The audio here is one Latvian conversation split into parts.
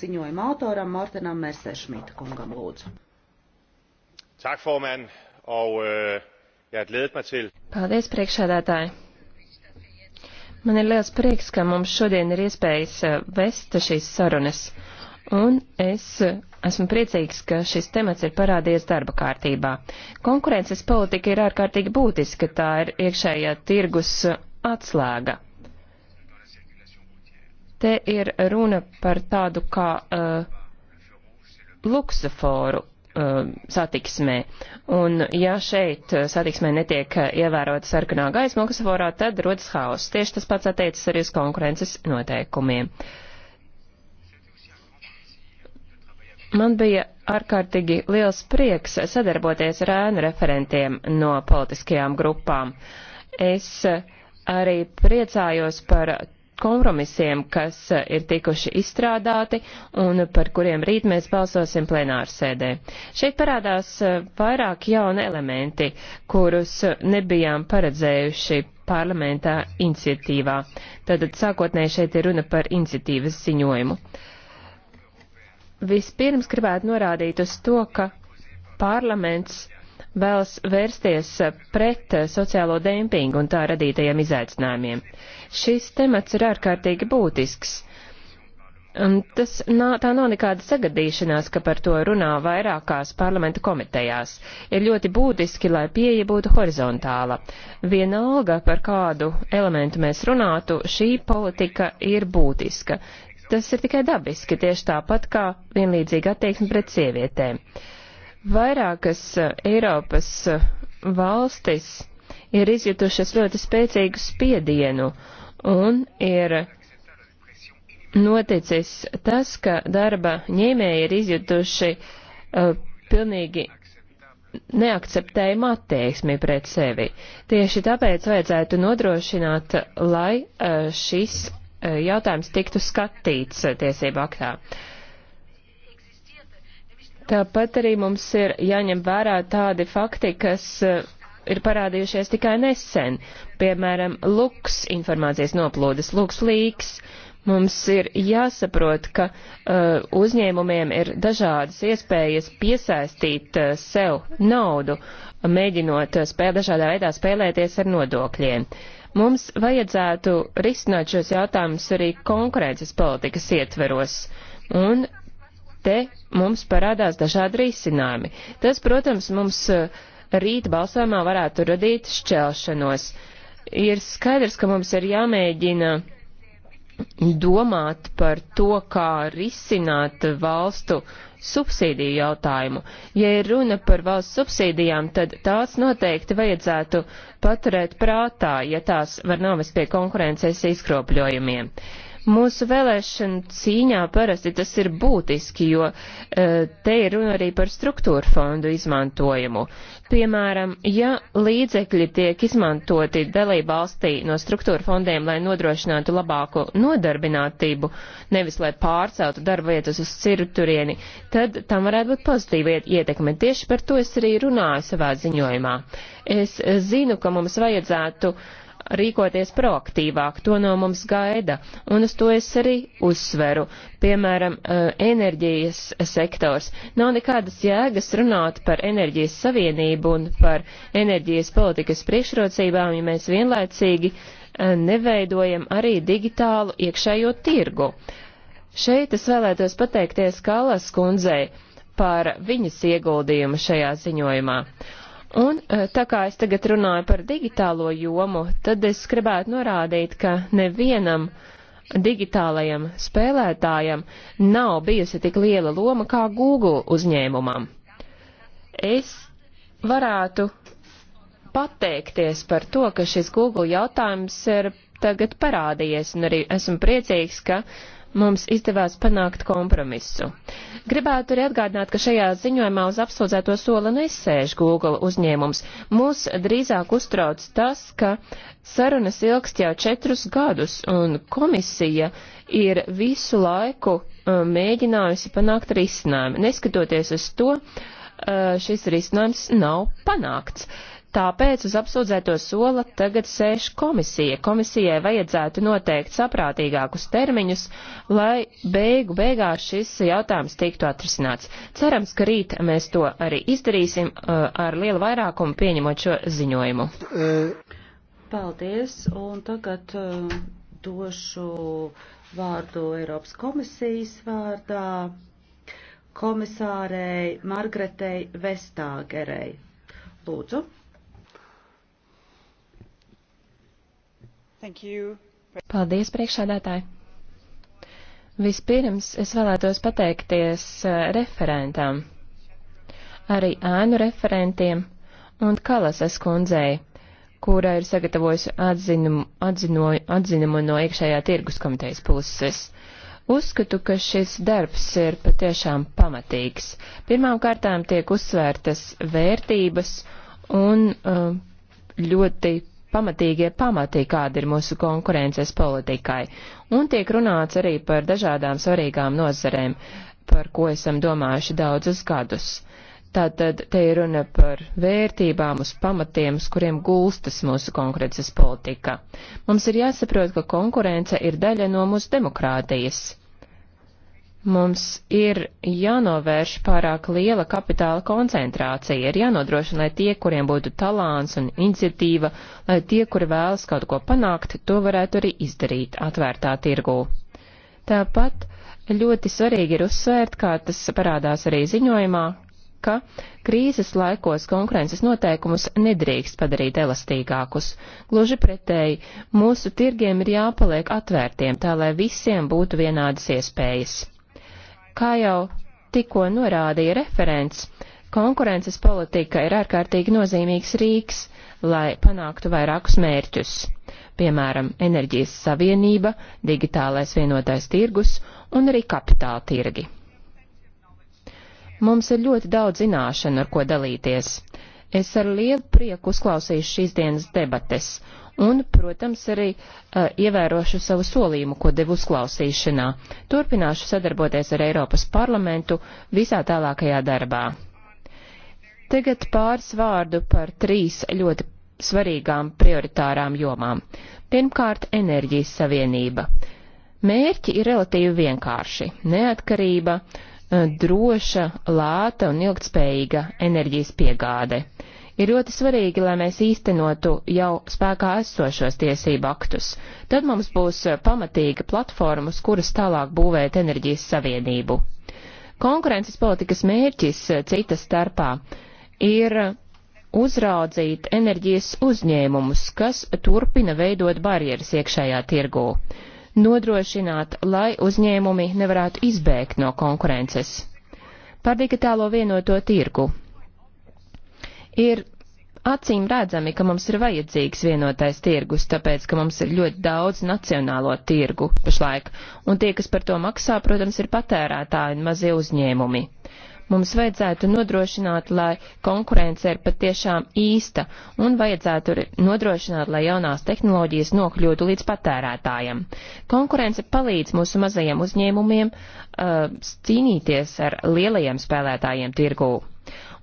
ziņojuma autoram Mortenam Mersešmita kungam lūdzu. Tak, formand, og øh, jeg har glædet mig til. Paldies, priekšsēdētāji. Man ir liels prieks, ka mums šodien ir iespējas eh, vest šīs sarunas. Un es eh, esmu priecīgs, ka šis temats ir parādījies darba kārtībā. Konkurences politika ir ārkārtīgi būtiska, tā ir iekšējā tirgus eh, atslēga. Te ir runa par tādu kā uh, luksuforu uh, satiksmē. Un ja šeit uh, satiksmē netiek uh, ievērota sarkanā gaisma luksuforā, tad rodas haoss. Tieši tas pats attiecas arī uz konkurences noteikumiem. Man bija ārkārtīgi liels prieks sadarboties ar ēnu referentiem no politiskajām grupām. Es uh, arī priecājos par kompromisiem, kas eh, ir tikuši izstrādāti un par kuriem rīt mēs balsosim plenārsēdē. Šeit parādās eh, vairāk jauni elementi, kurus nebijām paredzējuši parlamentā iniciatīvā. Tātad sākotnēji šeit ir runa par iniciatīvas ziņojumu. Vispirms gribētu norādīt uz to, ka parlaments vēlas vērsties pret sociālo dempingu un tā radītajiem izaicinājumiem. Šis temats ir ārkārtīgi būtisks. Tas nā, tā nav nekāda sagadīšanās, ka par to runā vairākās parlamenta komitejās. Ir ļoti būtiski, lai pieeja būtu horizontāla. Vienalga, par kādu elementu mēs runātu, šī politika ir būtiska. Tas ir tikai dabiski, tieši tāpat kā vienlīdzīga attieksme pret sievietēm. Uh, Vairākas eh, Eiropas eh, valstis ir izjutušas ļoti spēcīgu spiedienu un ir noticis tas, ka darba ņēmēji ir izjutuši uh, pilnīgi neakceptējumu attieksmi pret sevi. Tieši tāpēc vajadzētu nodrošināt, lai šis jautājums tiktu skatīts tiesību aktā. Tāpat arī mums ir jāņem vērā tādi fakti, kas eh, ir parādījušies tikai nesen, piemēram, luks informācijas noplūdes, luks līks. Mums ir jāsaprot, ka uh, uzņēmumiem ir dažādas iespējas piesaistīt uh, sev naudu, mēģinot spēl, dažādā veidā spēlēties ar nodokļiem. Mums vajadzētu risināt šos jautājumus arī konkurences politikas ietveros un te mums parādās dažādi risinājumi. Tas, protams, mums eh, rīt balsojumā varētu radīt šķelšanos. Ir skaidrs, ka mums ir jāmēģina domāt par to, kā risināt valstu subsīdiju jautājumu. Ja ir runa par valsts subsīdijām, tad tās noteikti vajadzētu paturēt prātā, ja tās var novest pie konkurences izkropļojumiem. Uh, Mūsu vēlēšana cīņā parasti tas ir būtiski, jo e, te ir runa arī par struktūra fondu izmantojumu. Piemēram, ja līdzekļi tiek izmantoti dalība valstī no struktūra fondiem, lai nodrošinātu labāku nodarbinātību, nevis lai pārceltu darba vietas uz cirturieni, tad tam varētu būt pozitīva ietekme. Tieši par to es arī runāju savā ziņojumā. Es zinu, ka mums vajadzētu uh, rīkoties proaktīvāk, to no mums gaida, un uz to es arī uzsveru. Piemēram, eh, enerģijas sektors. Nav nekādas jēgas runāt par enerģijas savienību un par enerģijas politikas priekšrocībām, ja mēs vienlaicīgi eh, neveidojam arī digitālu iekšējo tirgu. Šeit es vēlētos pateikties Kalas kundzei par viņas ieguldījumu šajā ziņojumā. Un eh, tā kā es tagad runāju par digitālo jomu, tad es gribētu norādīt, ka nevienam digitālajam spēlētājam nav bijusi tik liela loma kā Google uzņēmumam. Es varētu pateikties par to, ka šis Google jautājums ir tagad parādījies, un arī esmu priecīgs, ka uh, mums izdevās panākt kompromisu. Gribētu arī atgādināt, ka šajā ziņojumā uz apsūdzēto sola nesēž Google uzņēmums. Mūs drīzāk uztrauc tas, ka sarunas ilgst jau četrus gadus, un komisija ir visu laiku uh, mēģinājusi panākt risinājumu. Neskatoties uz to, uh, šis risinājums nav panākts. Uh, Tāpēc uz apsūdzēto sola tagad sēž komisija. Komisijai vajadzētu noteikt saprātīgākus termiņus, lai beigu beigās šis jautājums tiktu atrisināts. Cerams, ka rīt mēs to arī izdarīsim uh, ar lielu vairākumu pieņemot šo ziņojumu. Uh. Paldies, un tagad uh, došu vārdu Eiropas komisijas vārdā komisārei Margretei Vestāgerei. Lūdzu. Paldies, priekšādātāji! Vispirms es vēlētos pateikties eh, referentam, arī ēnu referentiem un Kalasas kundzei, kura ir sagatavojusi atzinumu, atzino, atzinumu no iekšējā tirgus komitejas puses. Uzskatu, ka šis darbs ir patiešām pamatīgs. Pirmām kārtām tiek uzsvērtas vērtības un uh, ļoti pamatīgie pamatī, kāda ir mūsu konkurences politikai. Un tiek runāts arī par dažādām svarīgām nozarēm, par ko esam domājuši daudzus gadus. Tātad te ir runa par vērtībām uz pamatiem, uz kuriem gulstas mūsu konkurences politika. Mums ir jāsaprot, ka konkurence ir daļa no mūsu demokrātijas. Mums ir jānovērš pārāk liela kapitāla koncentrācija, ir jānodrošina, lai tie, kuriem būtu talants un iniciatīva, lai tie, kuri vēlas kaut ko panākt, to varētu arī izdarīt atvērtā tirgū. Tāpat ļoti svarīgi ir uzsvērt, kā tas parādās arī ziņojumā, ka krīzes laikos konkurences noteikumus nedrīkst padarīt elastīgākus. Gluži pretēji, mūsu tirgiem ir jāpaliek atvērtiem, tā lai visiem būtu vienādas iespējas. Kā jau tikko norādīja referents, konkurences politika ir ārkārtīgi nozīmīgs rīks, lai panāktu vairākus mērķus, piemēram, enerģijas savienība, digitālais vienotais tirgus un arī kapitāla tirgi. Mums ir ļoti daudz zināšanu, ar ko dalīties. Es ar lielu prieku uzklausīšu šīs dienas debates un, protams, arī uh, ievērošu savu solījumu, ko devu uzklausīšanā. Turpināšu sadarboties ar Eiropas parlamentu visā tālākajā darbā. Tagad pāris vārdu par trīs ļoti svarīgām prioritārām jomām. Pirmkārt, enerģijas savienība. Mērķi ir relatīvi vienkārši - neatkarība, droša, lēta un ilgtspējīga enerģijas piegāde. Ir ļoti svarīgi, lai mēs īstenotu jau spēkā esošos tiesību aktus. Tad mums būs pamatīga platforma, uz kuras tālāk būvēt enerģijas savienību. Konkurences politikas mērķis eh, citas starpā ir uzraudzīt enerģijas uzņēmumus, kas turpina veidot barjeras iekšējā tirgū nodrošināt, lai uzņēmumi nevarētu izbēgt no konkurences. Par digitālo vienoto tirgu Ir acīm redzami, ka mums ir vajadzīgs vienotais tirgus, tāpēc, ka mums ir ļoti daudz nacionālo tirgu pašlaik, un tie, kas par to maksā, protams, ir patērētāji un mazie uzņēmumi. Mums vajadzētu nodrošināt, lai konkurence ir patiešām īsta, un vajadzētu nodrošināt, lai jaunās tehnoloģijas nokļūtu līdz patērētājiem. Konkurence palīdz mūsu mazajiem uzņēmumiem uh, cīnīties ar lielajiem spēlētājiem tirgū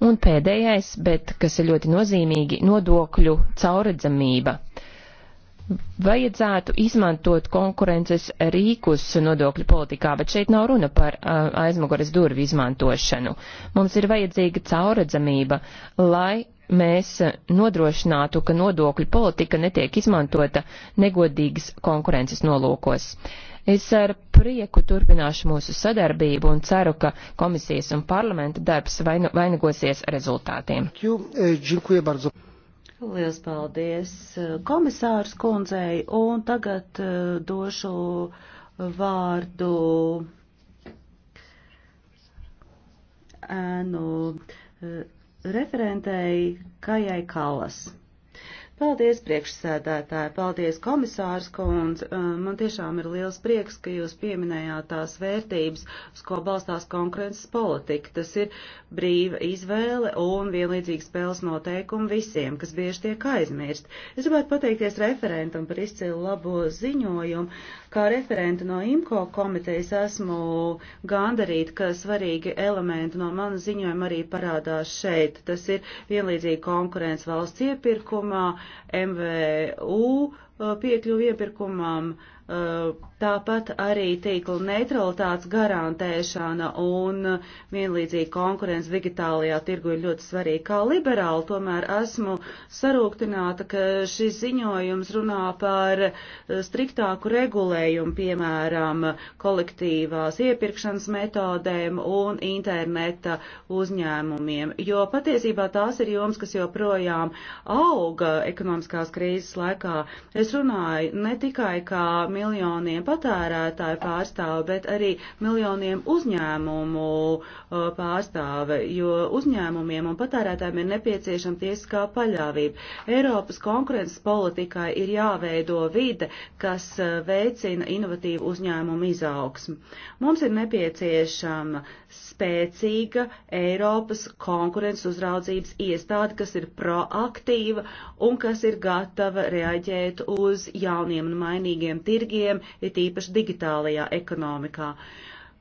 Un pēdējais, bet kas ir ļoti nozīmīgi, nodokļu cauredzamība. Vajadzētu izmantot konkurences rīkus nodokļu politikā, bet šeit nav runa par uh, aizmugures durvju izmantošanu. Mums ir vajadzīga cauredzamība, lai mēs nodrošinātu, ka nodokļu politika netiek izmantota negodīgas konkurences nolūkos. Uh, Es ar prieku turpināšu mūsu sadarbību un ceru, ka komisijas un parlamenta darbs vainagosies rezultātiem. Eh, Lielas paldies eh, komisārs kundzei un tagad eh, došu vārdu ēnu referentei Kajai Kalas. Paldies, priekšsēdētāji, paldies, komisārs Kons. Uh, man tiešām ir liels prieks, ka jūs pieminējāt tās vērtības, uz ko balstās konkurences politika. Tas ir brīva izvēle un vienlīdzīgi spēles noteikumi visiem, kas bieži tiek aizmirst. Es gribētu pateikties referentam par izcilu labo ziņojumu Kā referenta no IMCO komitejas esmu gandarīta, ka svarīgi elementi no mana ziņojuma arī parādās šeit. Tas ir vienlīdzīgi konkurence valsts iepirkumā, MVU uh, piekļuvu iepirkumam, uh, Eh, tāpat arī tīkla neutralitātes garantēšana un vienlīdzīga konkurence digitālajā tirgu ir ļoti svarīga. Kā liberāli tomēr esmu sarūktināta, ka šis ziņojums runā par eh, striktāku regulējumu, piemēram, kolektīvās iepirkšanas metodēm un interneta uzņēmumiem, jo patiesībā tās ir joms, kas joprojām auga ekonomiskās krīzes laikā. Es runāju ne tikai kā miljoniem patērētāju pārstāve, bet arī miljoniem uzņēmumu uh, pārstāve, jo uzņēmumiem un patērētājiem ir nepieciešama tiesiskā paļāvība. Eiropas konkurences politikai ir jāveido vide, kas uh, veicina inovatīvu uzņēmumu izaugsmu. Mums ir nepieciešama spēcīga Eiropas konkurences uzraudzības iestāde, kas ir proaktīva un kas ir gatava reaģēt uz jauniem un mainīgiem tirgiem tirgiem, it īpaši digitālajā ekonomikā.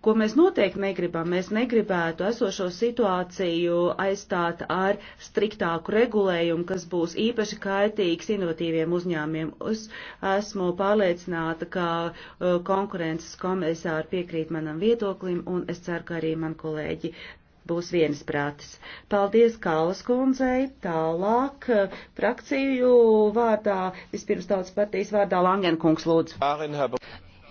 Ko mēs noteikti negribam, mēs negribētu esošo situāciju aizstāt ar striktāku regulējumu, kas būs īpaši kaitīgs inovatīviem uzņēmiem. Es esmu pārliecināta, ka uh, konkurences komisāri piekrīt manam viedoklim, un es ceru, ka arī man kolēģi būs viensprātis. Paldies Kālas kundzei, tālāk eh, frakciju vārdā, vispirms tautas partijas vārdā Langenkungs lūdzu.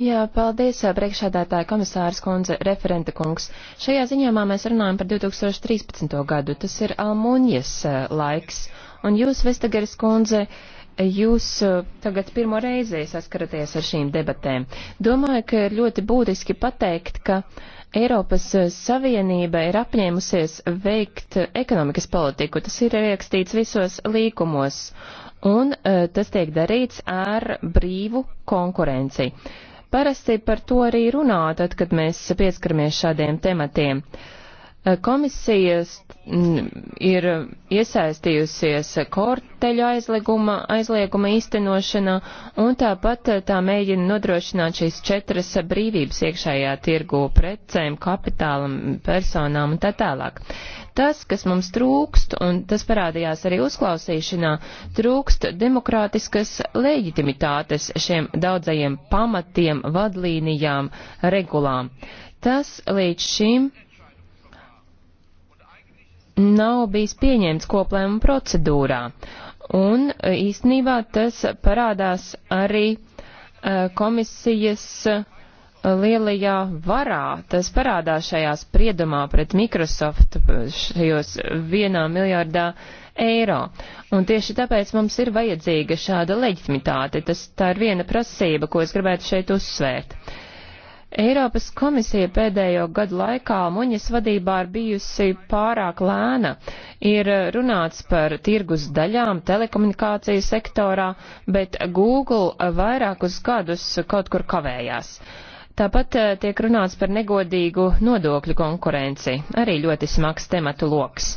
Jā, paldies, eh, priekšādātāja komisārs kundze, referenta kungs. Šajā ziņāmā mēs runājam par 2013. gadu, tas ir Almuņas eh, laiks, un jūs, Vestagaris kundze, uh, jūs e, tagad pirmo reizi saskaraties ar šīm debatēm. Domāju, ka ir ļoti būtiski pateikt, ka Eiropas e, Savienība ir apņēmusies veikt ekonomikas politiku. Tas ir ierakstīts visos līkumos, un e, tas tiek darīts ar brīvu konkurenci. Parasti par to arī runā, tad, kad mēs pieskaramies šādiem tematiem. Uh, Komisijas mm, ir iesaistījusies korteļu aizlieguma, aizlieguma īstenošanā, un tāpat eh, tā mēģina nodrošināt šīs četras brīvības iekšējā tirgu precēm, kapitālam, personām un tā tālāk. Tas, kas mums trūkst, un tas parādījās arī uzklausīšanā, trūkst demokrātiskas leģitimitātes šiem daudzajiem pamatiem, vadlīnijām, regulām. Tas līdz šim nav bijis pieņemts koplēmuma procedūrā. Un e, īstenībā tas parādās arī e, komisijas e, lielajā varā. Tas parādās šajā spriedumā pret Microsoft šajos vienā miljārdā eiro. Un tieši tāpēc mums ir vajadzīga šāda leģitimitāte. Tas tā ir viena prasība, ko es gribētu šeit uzsvērt. Uh, Eiropas komisija pēdējo gadu laikā muņas vadībā ir bijusi pārāk lēna. Ir runāts par tirgus daļām telekomunikāciju sektorā, bet Google vairākus gadus kaut kur kavējās. Tāpat eh, tiek runāts par negodīgu nodokļu konkurenci, arī ļoti smags tematu loks.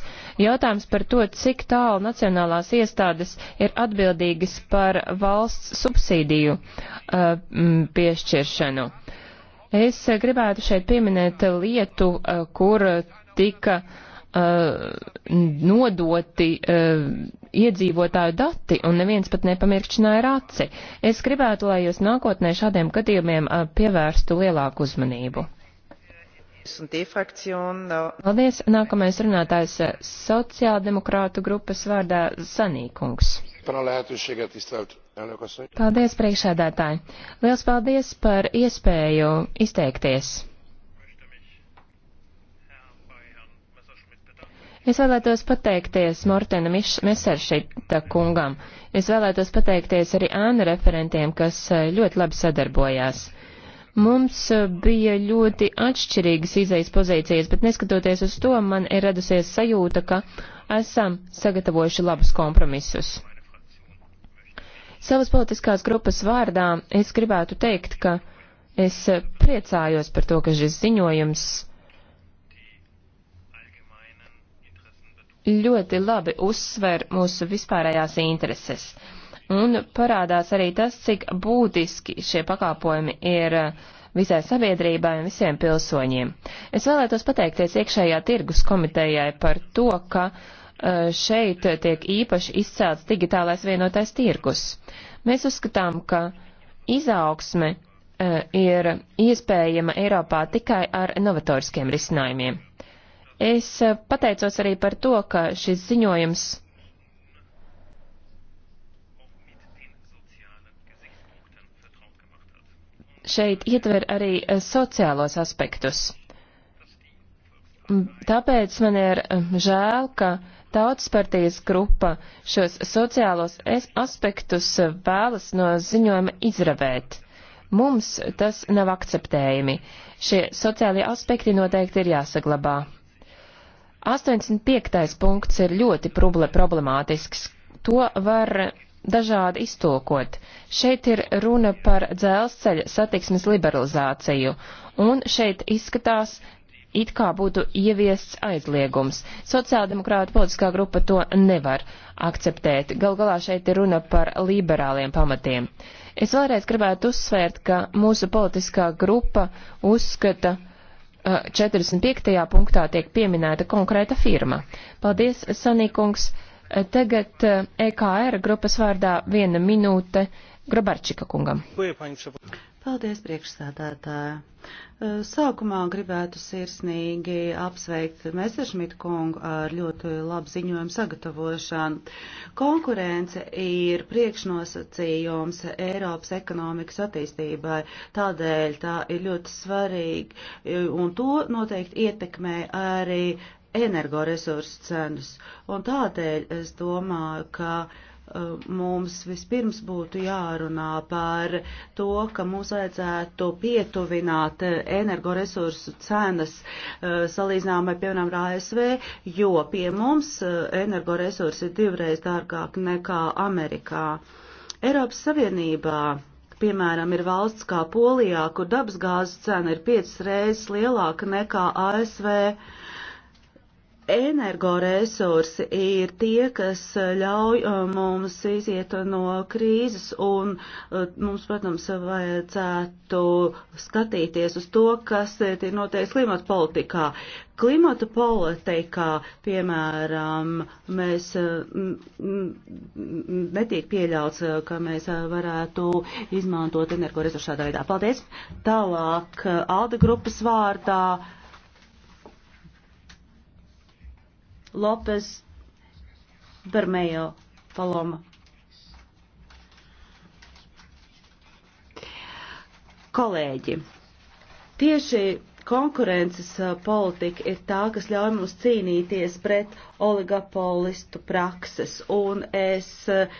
Jautājums par to, cik tālu nacionālās iestādes ir atbildīgas par valsts subsīdiju uh, piešķiršanu. Uh, Es gribētu šeit pieminēt lietu, eh, kur tika eh, nodoti eh, iedzīvotāju dati, un neviens pat nepamirkšķināja raci. Es gribētu, lai jūs nākotnē šādiem gadījumiem pievērstu lielāku uzmanību. Paldies. Nākamais runātājs sociāldemokrātu grupas vārdā Sanīkungs. Paldies, priekšēdētāji! Liels paldies par iespēju izteikties! Es vēlētos pateikties Mortena Meseršita kungam. Es vēlētos pateikties arī ēnu referentiem, kas eh, ļoti labi sadarbojās. Mums eh, bija ļoti atšķirīgas izejas pozīcijas, bet neskatoties uz to, man ir radusies sajūta, ka esam sagatavojuši labus kompromisus. Savas politiskās grupas vārdā es gribētu teikt, ka es priecājos par to, ka šis ziņojums ļoti labi uzsver mūsu vispārējās intereses. Un parādās arī tas, cik būtiski šie pakāpojumi ir visai sabiedrībai un visiem pilsoņiem. Es vēlētos pateikties iekšējā tirgus komitejai par to, ka uh, Eh, šeit tiek īpaši izcēlts digitālais vienotais tirgus. Mēs uzskatām, ka izaugsme eh, ir iespējama Eiropā tikai ar novatoriskiem risinājumiem. Es eh, pateicos arī par to, ka šis ziņojums šeit ietver arī sociālos aspektus. Tāpēc man ir žēl, ka uh, Tautas partijas grupa šos sociālos aspektus vēlas no ziņojuma izravēt. Mums tas nav akceptējami. Šie sociālie aspekti noteikti ir jāsaglabā. 85. punkts ir ļoti problemātisks. To var dažādi iztolkot. Šeit ir runa par dzelzceļa satiksmes liberalizāciju, un šeit izskatās, it kā būtu ieviests aizliegums. Sociāldemokrāta politiskā grupa to nevar akceptēt. Gal galā šeit ir runa par liberāliem pamatiem. Es vēlreiz gribētu uzsvērt, ka mūsu politiskā grupa uzskata, 45. Uh, punktā tiek pieminēta konkrēta firma. Paldies, Sanīkungs. Uh, tagad uh, EKR grupas vārdā viena minūte Grabarčika kungam. Paldies, priekšsādātāja. Sākumā gribētu sirsnīgi apsveikt Mesteršmitu kungu ar ļoti labu ziņojumu sagatavošanu. Konkurence ir priekšnosacījums Eiropas ekonomikas attīstībai, tādēļ tā ir ļoti svarīga un to noteikti ietekmē arī energoresursu cenas. Un tādēļ es domāju, ka mums vispirms būtu jārunā par to, ka mums vajadzētu pietuvināt energoresursu cenas e, salīdzinājumai, piemēram, ar ASV, jo pie mums e, energoresursi ir divreiz dārgāk nekā Amerikā. Eiropas Savienībā Piemēram, ir valsts kā Polijā, kur dabasgāzes cena ir piecas reizes lielāka nekā ASV. Uh, energoresursi ir tie, kas ļauj uh, mums iziet no krīzes, un uh, mums, protams, vajadzētu skatīties uz to, kas ir noteikts klimata politikā. Klimata politikā, piemēram, mēs uh, netiek pieļauts, ka mēs varētu izmantot energoresursu šādā veidā. Paldies! Tālāk, Alda grupas vārdā. Lopes Bermejo Paloma. Kolēģi, tieši Konkurences politika ir tā, kas ļauj mums cīnīties pret oligopolistu prakses, un es uh,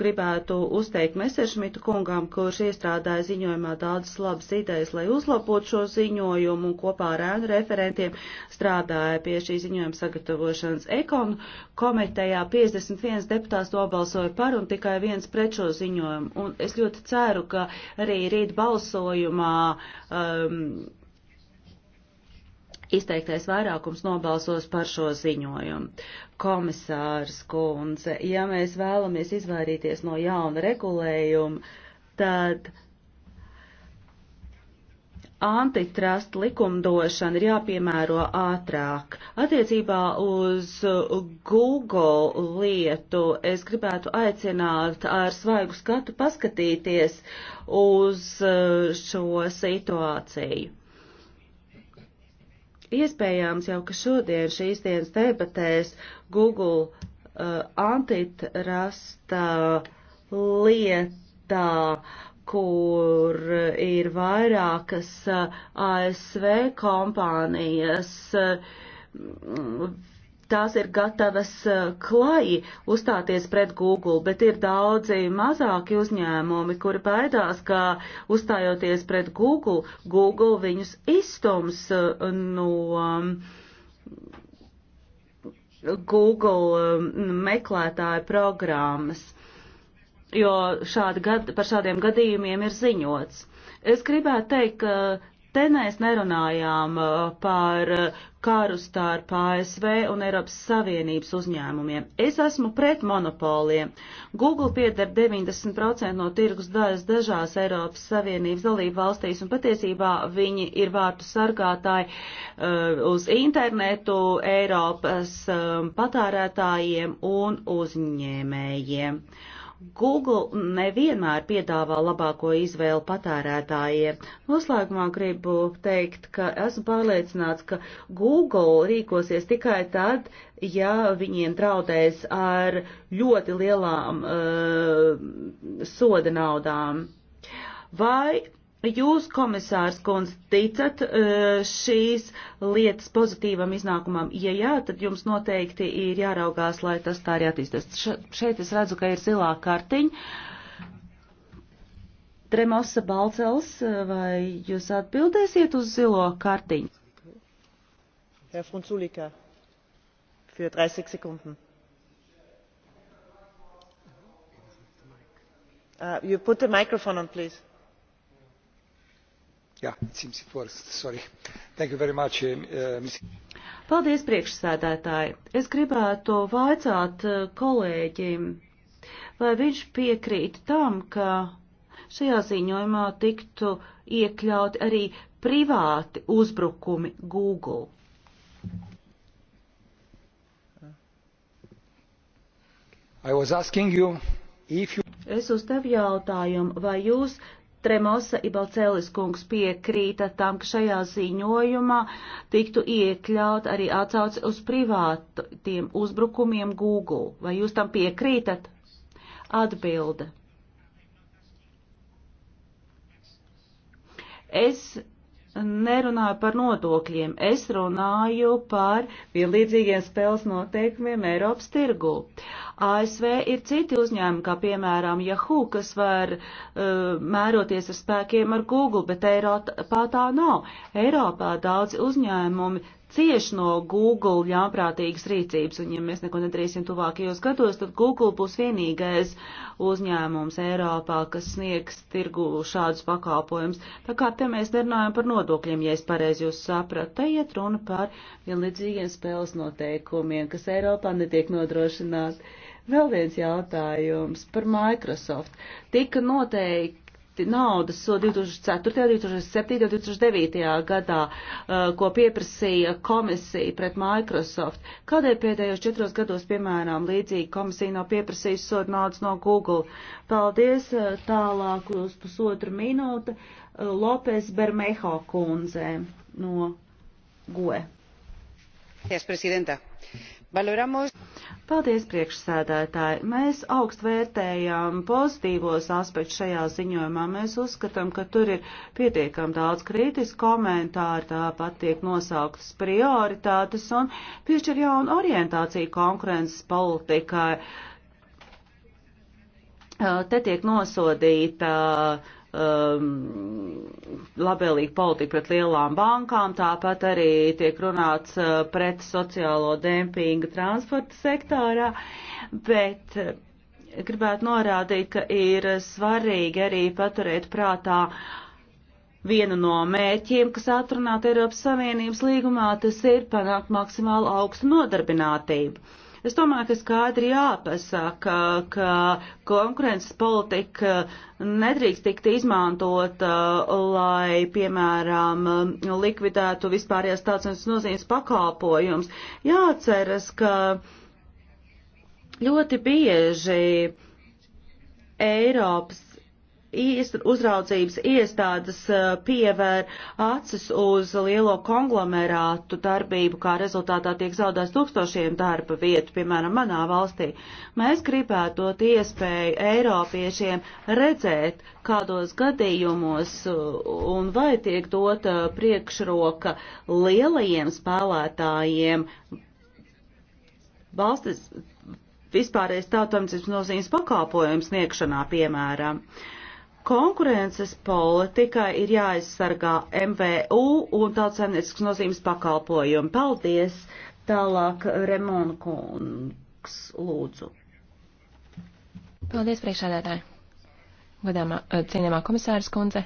gribētu uzteikt Meseršmitu kungām, kurš iestrādāja ziņojumā daudzas labas idejas, lai uzlabotu šo ziņojumu, un kopā ar ēnu referentiem strādāja pie šī ziņojuma sagatavošanas. Ekonu komitejā 51 deputāts nobalsoja par un tikai viens pret šo ziņojumu, un es ļoti ceru, ka arī rīt balsojumā um, izteiktais vairākums nobalsos par šo ziņojumu. Komisārs kundze, ja mēs vēlamies izvairīties no jauna regulējuma, tad antitrust likumdošana ir jāpiemēro ātrāk. Attiecībā uz Google lietu es gribētu aicināt ar svaigu skatu paskatīties uz uh, šo situāciju. Iespējams jau, ka šodien šīs dienas debatēs Google uh, antitrasta lietā, kur ir vairākas uh, ASV kompānijas uh, tās ir gatavas eh, klai uzstāties pret Google, bet ir daudzi mazāki uzņēmumi, kuri baidās, ka uzstājoties pret Google, Google viņus izstums eh, no mm, Google mm, meklētāju programmas, jo šādi gad, par šādiem gadījumiem ir ziņots. Es gribētu teikt, ka Te mēs nerunājām uh, par uh, karu starp ASV un Eiropas Savienības uzņēmumiem. Es esmu pret monopoliem. Google piedar 90% no tirgus daļas dažās Eiropas Savienības dalību valstīs, un patiesībā viņi ir vārtu sargātāji uh, uz internetu Eiropas um, patārētājiem un uzņēmējiem. Uh, Google nevienmēr piedāvā labāko izvēlu patērētājiem. Noslēgumā gribu teikt, ka esmu pārliecināts, ka Google rīkosies tikai tad, ja viņiem traudēs ar ļoti lielām uh, soda naudām. Vai Jūs, komisārs Kunz, ticat e, šīs lietas pozitīvam iznākumam? Ja jā, tad jums noteikti ir jāraugās, lai tas tā arī attīstās. Šeit es redzu, ka ir zilā kartiņa. Tremosa Balcels, e, vai jūs atbildēsiet uz zilo kartiņu? Herr Frunzulika, für 30 Sekunden. Uh, you put the microphone on, please. Yeah, much, uh, Paldies, priekšsēdētāji. Es gribētu vaicāt eh, kolēģim, vai viņš piekrīt tam, ka šajā ziņojumā tiktu iekļaut arī privāti uzbrukumi Google. You you... Es uzdevu jautājumu, vai jūs Tremosa Ibalcēlis kungs piekrīta tam, ka šajā ziņojumā tiktu iekļaut arī atsauce uz privātiem uzbrukumiem Google. Vai jūs tam piekrītat? Atbilde. Es nerunāju par nodokļiem, es runāju par vienlīdzīgiem spēles noteikumiem Eiropas tirgu. ASV ir citi uzņēmumi, kā piemēram Yahoo, kas var uh, mēroties ar spēkiem ar Google, bet Eiropā tā nav. Eiropā daudzi uzņēmumi cieši no Google ļaunprātīgas rīcības, un ja mēs neko nedarīsim tuvākajos gados, tad Google būs vienīgais uzņēmums Eiropā, kas sniegs tirgu šādus pakalpojumus. Tā kā te mēs nerunājam par nodokļiem, ja es pareizi jūs sapratu, te iet runa par vienlīdzīgiem spēles noteikumiem, kas Eiropā netiek nodrošināti. Vēl viens jautājums par Microsoft. Tika noteikti naudas 2004., 2007., 2009. gadā, uh, ko pieprasīja komisija pret Microsoft. Kādēļ pēdējos četros gados, piemēram, līdzīgi komisija nav pieprasījusi sodu naudas no Google? Paldies, uh, tālāk uz pusotru minūte uh, Lopes Bermeho kundze no GOE. Yes, Valoramos. Paldies, priekšsēdētāji. Mēs augst vērtējam pozitīvos aspektus šajā ziņojumā. Mēs uzskatām, ka tur ir pietiekam daudz kritisku komentāru, tāpat tiek nosauktas prioritātes un piešķir jaunu orientāciju konkurences politikai. Te tiek nosodīta um, labēlīga politika pret lielām bankām, tāpat arī tiek runāts uh, pret sociālo dempingu transporta sektorā, bet uh, gribētu norādīt, ka ir svarīgi arī paturēt prātā vienu no mērķiem, kas atrunāta Eiropas Savienības līgumā, tas ir panākt maksimālu augstu nodarbinātību. Es domāju, ka skaidri jāpasaka, ka konkurences politika nedrīkst tikt izmantot, lai, piemēram, likvidētu vispārējās tāds nozīmes pakalpojums. Jāceras, ka ļoti bieži Eiropas uzraudzības iestādes uh, pievēr acis uz lielo konglomerātu darbību, kā rezultātā tiek zaudēts tūkstošiem darba vietu, piemēram, manā valstī. Mēs gribētu dot iespēju Eiropiešiem redzēt, kādos gadījumos uh, un vai tiek dota priekšroka lielajiem spēlētājiem valstis vispārējais tautamcības nozīmes pakāpojums sniegšanā, piemēram. Uh, Konkurences politika ir jāaizsargā MVU un tautsainiecisks nozīmes pakalpojumi. Paldies! Tālāk Remona kungs lūdzu. Paldies, priekšādātāji. Godāmā, eh, cienījamā komisāras kundze.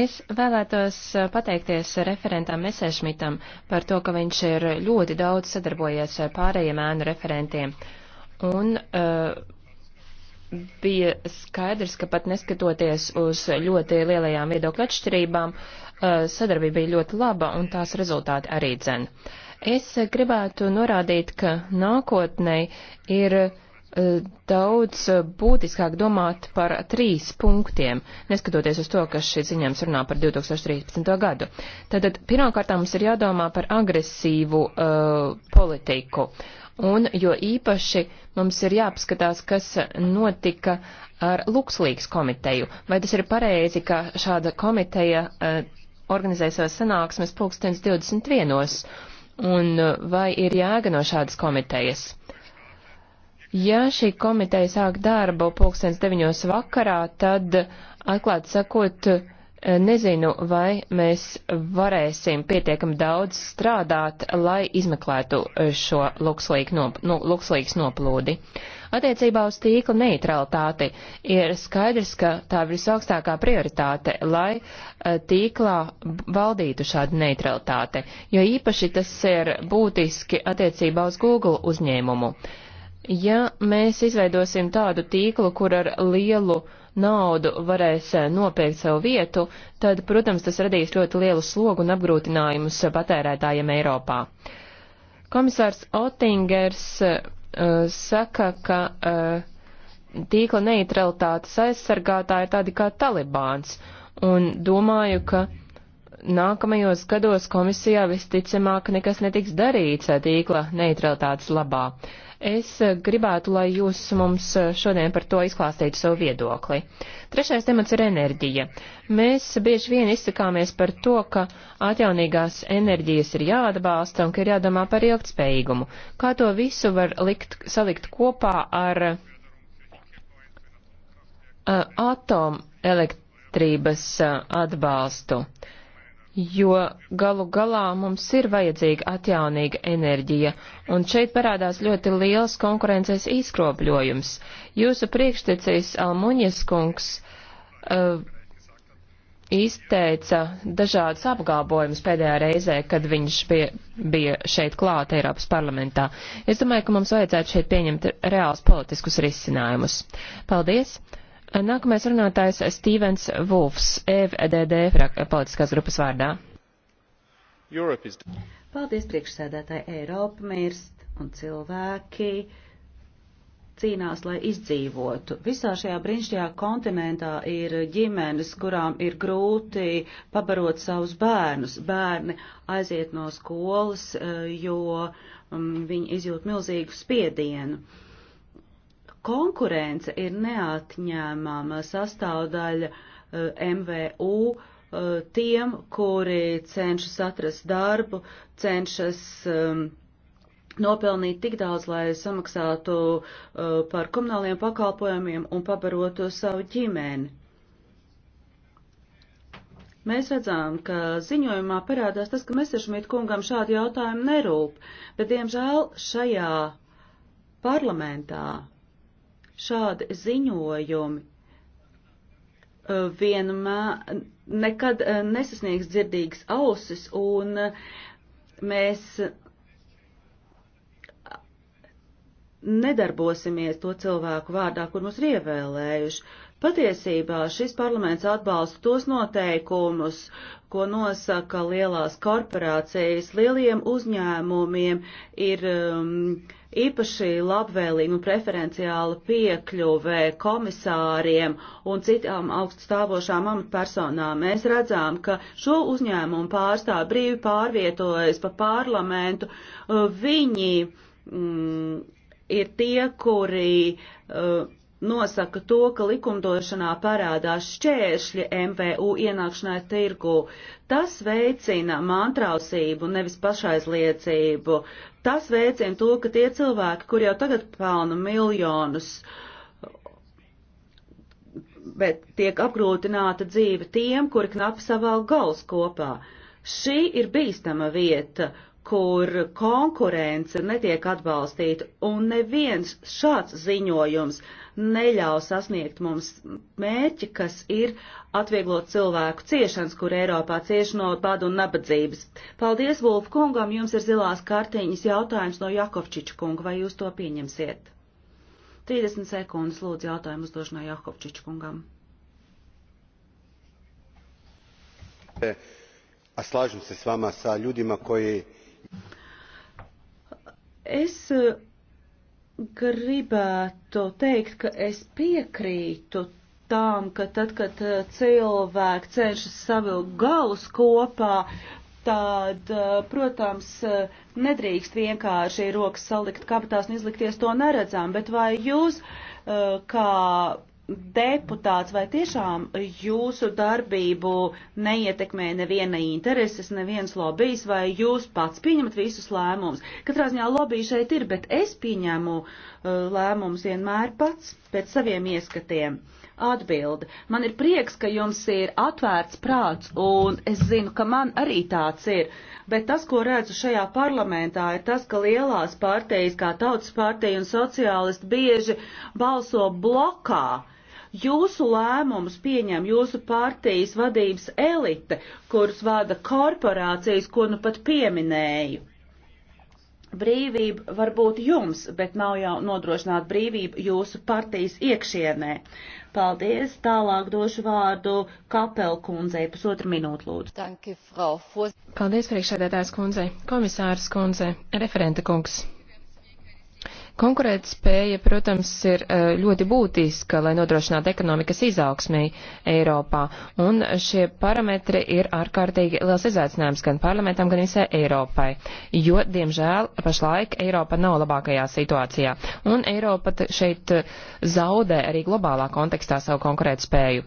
Es vēlētos eh, pateikties referentam Mesešmitam par to, ka viņš ir ļoti daudz sadarbojies ar pārējiem ēnu referentiem. Un uh, bija skaidrs, ka pat neskatoties uz ļoti lielajām viedokļu atšķirībām, uh, sadarbība bija ļoti laba un tās rezultāti arī dzen. Es gribētu norādīt, ka nākotnē ir uh, daudz būtiskāk domāt par trīs punktiem, neskatoties uz to, ka šis ziņojums runā par 2013. gadu. Tātad pirmkārt mums ir jādomā par agresīvu uh, politiku. Un jo īpaši mums ir jāapskatās, kas notika ar Luxlīgas komiteju. Vai tas ir pareizi, ka šāda komiteja uh, organizē savas sanāksmes pulkstens 21. Un eh, vai ir jēga no šādas komitejas? Ja šī komiteja sāk darbu pulkstens 9. vakarā, tad, atklāt sakot, uh, Nezinu, vai mēs varēsim pietiekami daudz strādāt, lai izmeklētu šo luksulīgas nop, nu, noplūdi. Attiecībā uz tīkla neutralitāti ir skaidrs, ka tā ir visaugstākā prioritāte, lai eh, tīklā valdītu šāda neutralitāte, jo īpaši tas ir būtiski attiecībā uz Google uzņēmumu. Ja mēs izveidosim tādu tīklu, kur ar lielu uh, naudu varēs eh, nopirkt savu vietu, tad, protams, tas radīs ļoti lielu slogu un apgrūtinājumus patērētājiem Eiropā. Komisārs Otingers uh, eh, saka, ka uh, tīkla neutralitātes aizsargātāji ir tādi kā talibāns, un domāju, ka nākamajos gados komisijā visticamāk nekas netiks darīts tīkla neutralitātes labā. Uh, Es gribētu, lai jūs mums šodien par to izklāstītu savu viedokli. Trešais temats ir enerģija. Mēs bieži vien izsakāmies par to, ka atjaunīgās enerģijas ir jāatbalsta un ka ir jādomā par ilgtspējīgumu. Kā to visu var likt, salikt kopā ar uh, atomelektrības uh, atbalstu? Uh, jo galu galā mums ir vajadzīga atjaunīga enerģija, un šeit parādās ļoti liels konkurences izkropļojums. Jūsu priekštecis Almuņas kungs uh, izteica dažādas apgābojumus pēdējā reizē, kad viņš bija, bija šeit klāt Eiropas parlamentā. Es domāju, ka mums vajadzētu šeit pieņemt reāls politiskus risinājumus. Paldies! Nākamais runātājs Stīvens Vulfs, EFDD politiskās grupas vārdā. Is... Paldies, priekšsēdētāji. Eiropa mirst un cilvēki cīnās, lai izdzīvotu. Visā šajā brīnišķajā kontinentā ir ģimenes, kurām ir grūti pabarot savus bērnus. Bērni aiziet no skolas, eh, jo mm, viņi izjūt milzīgu spiedienu. Konkurence ir neatņēmama sastāvdaļa eh, MVU eh, tiem, kuri cenšas atrast darbu, cenšas um, nopelnīt tik daudz, lai samaksātu uh, par komunāliem pakalpojumiem un pabarotu savu ģimeni. Mēs redzām, ka ziņojumā parādās tas, ka Mesešmīt kungam šādi jautājumi nerūp, bet, diemžēl, šajā parlamentā šādi ziņojumi e, vienmēr nekad e, nesasniegs dzirdīgas ausis, un e, mēs nedarbosimies to cilvēku vārdā, kur mums ir ievēlējuši. Patiesībā šis parlaments atbalsta tos noteikumus, ko nosaka lielās korporācijas, lieliem uzņēmumiem ir. Um, īpaši labvēlīga un preferenciāla piekļuve komisāriem un citām augststāvošām amatpersonām. Mēs redzām, ka šo uzņēmumu pārstāv brīvi pārvietojas pa parlamentu. Uh, viņi mm, ir tie, kuri uh, nosaka to, ka likumdošanā parādās šķēršļi MVU ienākšanai tirgu. Tas veicina mantrausību, nevis pašaizliecību. Tas veicina to, ka tie cilvēki, kur jau tagad pelna miljonus, bet tiek apgrūtināta dzīve tiem, kuri knap savēl gals kopā. Šī ir bīstama vieta, kur konkurence netiek atbalstīta, un neviens šāds ziņojums neļauj sasniegt mums mērķi, kas ir atvieglot cilvēku ciešanas, kur Eiropā cieši no badu un nabadzības. Paldies, Vulf kungam, jums ir zilās kartiņas jautājums no Jakovčiča kunga, vai jūs to pieņemsiet? 30 sekundes lūdzu jautājumu uzdošanā Jakovčiča kungam. A slažem se s vama sa ljudima koji... Es gribētu teikt, ka es piekrītu tām, ka tad, kad uh, cilvēki cenšas savilkt galus kopā, tad, uh, protams, uh, nedrīkst vienkārši rokas salikt kabatās un izlikties to neredzām, bet vai jūs kā deputāts, vai tiešām jūsu darbību neietekmē neviena intereses, neviens lobijs, vai jūs pats pieņemat visus lēmumus? Katrā ziņā lobija šeit ir, bet es pieņemu uh, lēmumus vienmēr pats pēc saviem ieskatiem. Atbildi. Man ir prieks, ka jums ir atvērts prāts, un es zinu, ka man arī tāds ir. Bet tas, ko redzu šajā parlamentā, ir tas, ka lielās partijas, kā Tautas partija un sociālisti, bieži balso blokā Jūsu lēmumus pieņem jūsu partijas vadības elite, kuras vada korporācijas, ko nu pat pieminēju. Brīvība var būt jums, bet nav jau nodrošināta brīvība jūsu partijas iekšienē. Paldies, tālāk došu vārdu Kapelkundzei, pusotru minūtu lūdzu. Danke, Frau Fos. Paldies, priekšsēdētājs kundzei, komisārs kundzei, referenta kungs. Konkurētspēja, protams, ir e, ļoti būtiska, lai nodrošinātu ekonomikas izaugsmī Eiropā, un šie parametri ir ārkārtīgi liels izaicinājums gan parlamentam, gan visai Eiropai, jo, diemžēl, pašlaik Eiropa nav labākajā situācijā, un Eiropa šeit e, zaudē arī globālā kontekstā savu konkurētspēju.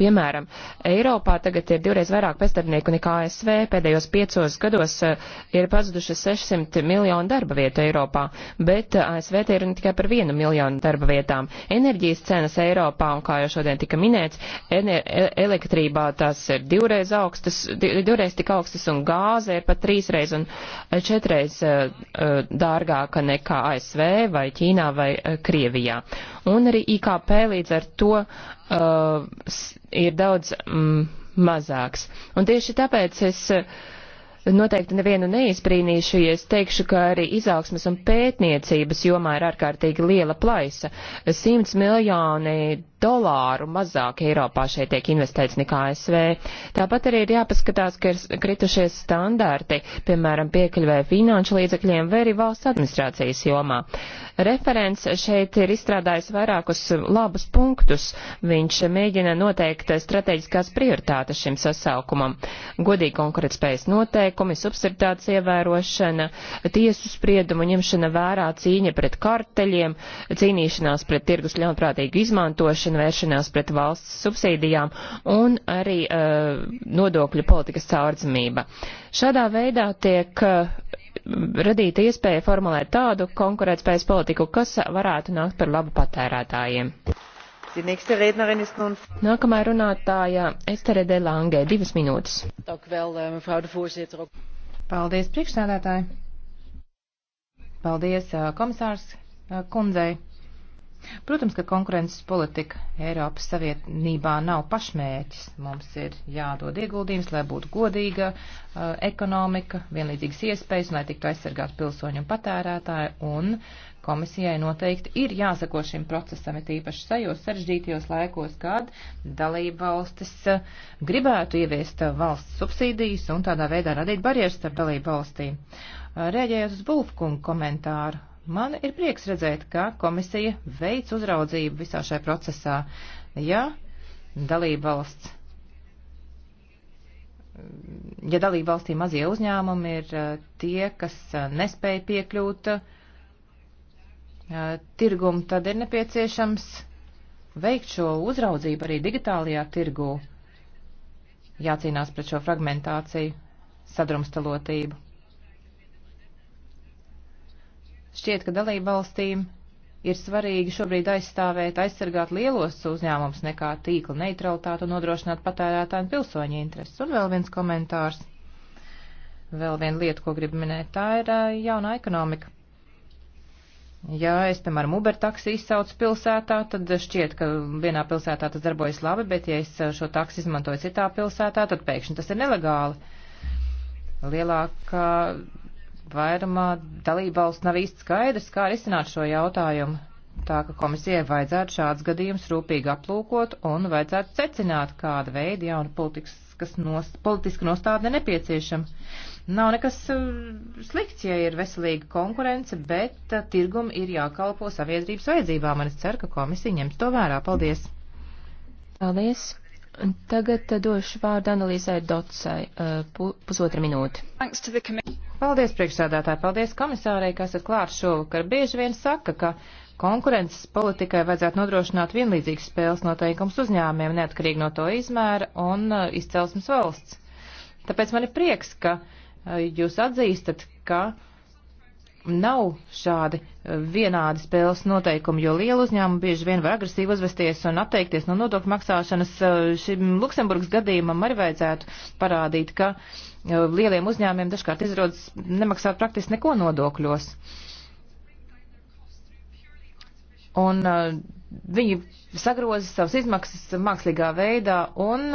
Piemēram, Eiropā tagad ir divreiz vairāk pestarnieku nekā ASV. Pēdējos piecos gados eh, ir pazudušas 600 miljonu darba vietu Eiropā, bet eh, ASV tie ir tikai par vienu miljonu darba vietām. Enerģijas cenas Eiropā, un kā jau šodien tika minēts, e, elektrībā tās ir divreiz augstas, divreiz tik augstas, un gāze ir pat trīsreiz un četreiz e, e, dārgāka nekā ASV vai Ķīnā vai Krievijā. Un arī IKP līdz ar to uh, ir daudz mm, mazāks. Un tieši tāpēc es uh, noteikti nevienu neizbrīnīšu, ja es teikšu, ka arī izaugsmas un pētniecības jomā ir ārkārtīgi liela plaisa. 100 miljoni dolāru mazāk Eiropā šeit tiek investēts nekā ASV. Tāpat arī ir jāpaskatās, ka ir kritušies standarti, piemēram, piekļuvē finanšu līdzekļiem vai arī valsts administrācijas jomā. Referents šeit ir izstrādājis vairākus labus punktus. Viņš mēģina noteikt strateģiskās prioritātes šim sasaukumam. Godīgi konkurētspējas noteikumi, subsidētas ievērošana, tiesu spriedumu ņemšana vērā, cīņa pret karteļiem, cīnīšanās pret tirgus ļaunprātīgu izmantošanu veicina vēršanās pret valsts subsīdijām un arī uh, nodokļu politikas caurdzamība. Šādā veidā tiek uh, radīta iespēja formulēt tādu konkurētspējas politiku, kas varētu nākt par labu patērētājiem. Nākamā runātāja Estere de Lange, divas minūtes. Eh, Paldies, priekšsēdētāji. Paldies, komisārs kundzei. Protams, ka konkurences politika Eiropas Savienībā nav pašmērķis. Mums ir jādod ieguldījums, lai būtu godīga uh, ekonomika, vienlīdzīgas iespējas, lai tiktu aizsargāt pilsoņu un patērētāju, un komisijai noteikti ir jāsako šim procesam, it īpaši sajos sarežģītajos laikos, kad dalība valstis uh, gribētu ieviest uh, valsts subsīdijas un tādā veidā radīt barjeras starp dalību valstīm. Uh, Rēģējot uz Bulfkungu komentāru, Man ir prieks redzēt, ka komisija veic uzraudzību visā šajā procesā. Ja dalība valsts ja dalība valstī mazie uzņēmumi ir eh, tie, kas eh, nespēja piekļūt eh, tirgumu, tad ir nepieciešams veikt šo uzraudzību arī digitālajā tirgū, jācīnās pret šo fragmentāciju, sadrumstalotību. Šķiet, ka dalība valstīm ir svarīgi šobrīd aizstāvēt, aizsargāt lielos uzņēmumus nekā tīkla neutralitātu un nodrošināt patērētāju un pilsoņu intereses. Un vēl viens komentārs. Vēl viena lieta, ko gribu minēt, tā ir jauna ekonomika. Ja es, piemēram, Uber taksi izsaucu pilsētā, tad šķiet, ka vienā pilsētā tas darbojas labi, bet ja es šo taksi izmantoju citā pilsētā, tad pēkšņi tas ir nelegāli. Lielākā vairumā dalībvalsts nav īsti skaidrs, kā risināt šo jautājumu. Tā ka komisijai vajadzētu šāds gadījums rūpīgi aplūkot un vajadzētu secināt, kāda veida jauna politikas nost, politiska nostāde nepieciešama. Nav nekas uh, slikts, ja ir veselīga konkurence, bet uh, tirgum ir jākalpo saviedrības vajadzībām, un es ceru, ka komisija ņems to vērā. Paldies! Paldies! Tagad došu vārdu Analīzai Dotsai eh, pu, pusotra minūte. Paldies priekšsādātāji, paldies komisārei, kas ir klāts šovakar. Bieži vien saka, ka konkurences politikai vajadzētu nodrošināt vienlīdzīgas spēles noteikums uzņēmiem, neatkarīgi no to izmēra un eh, izcelsmes valsts. Tāpēc man ir prieks, ka eh, jūs atzīstat, ka uh, nav šādi e, vienādi spēles noteikumi, jo liela uzņēmuma bieži vien var agresīvi uzvesties un atteikties no nodokļu maksāšanas. E, šim Luksemburgas gadījumam arī vajadzētu parādīt, ka e, lieliem uzņēmumiem dažkārt izrodas nemaksāt praktiski neko nodokļos. Un viņi sagroza savas izmaksas mākslīgā veidā un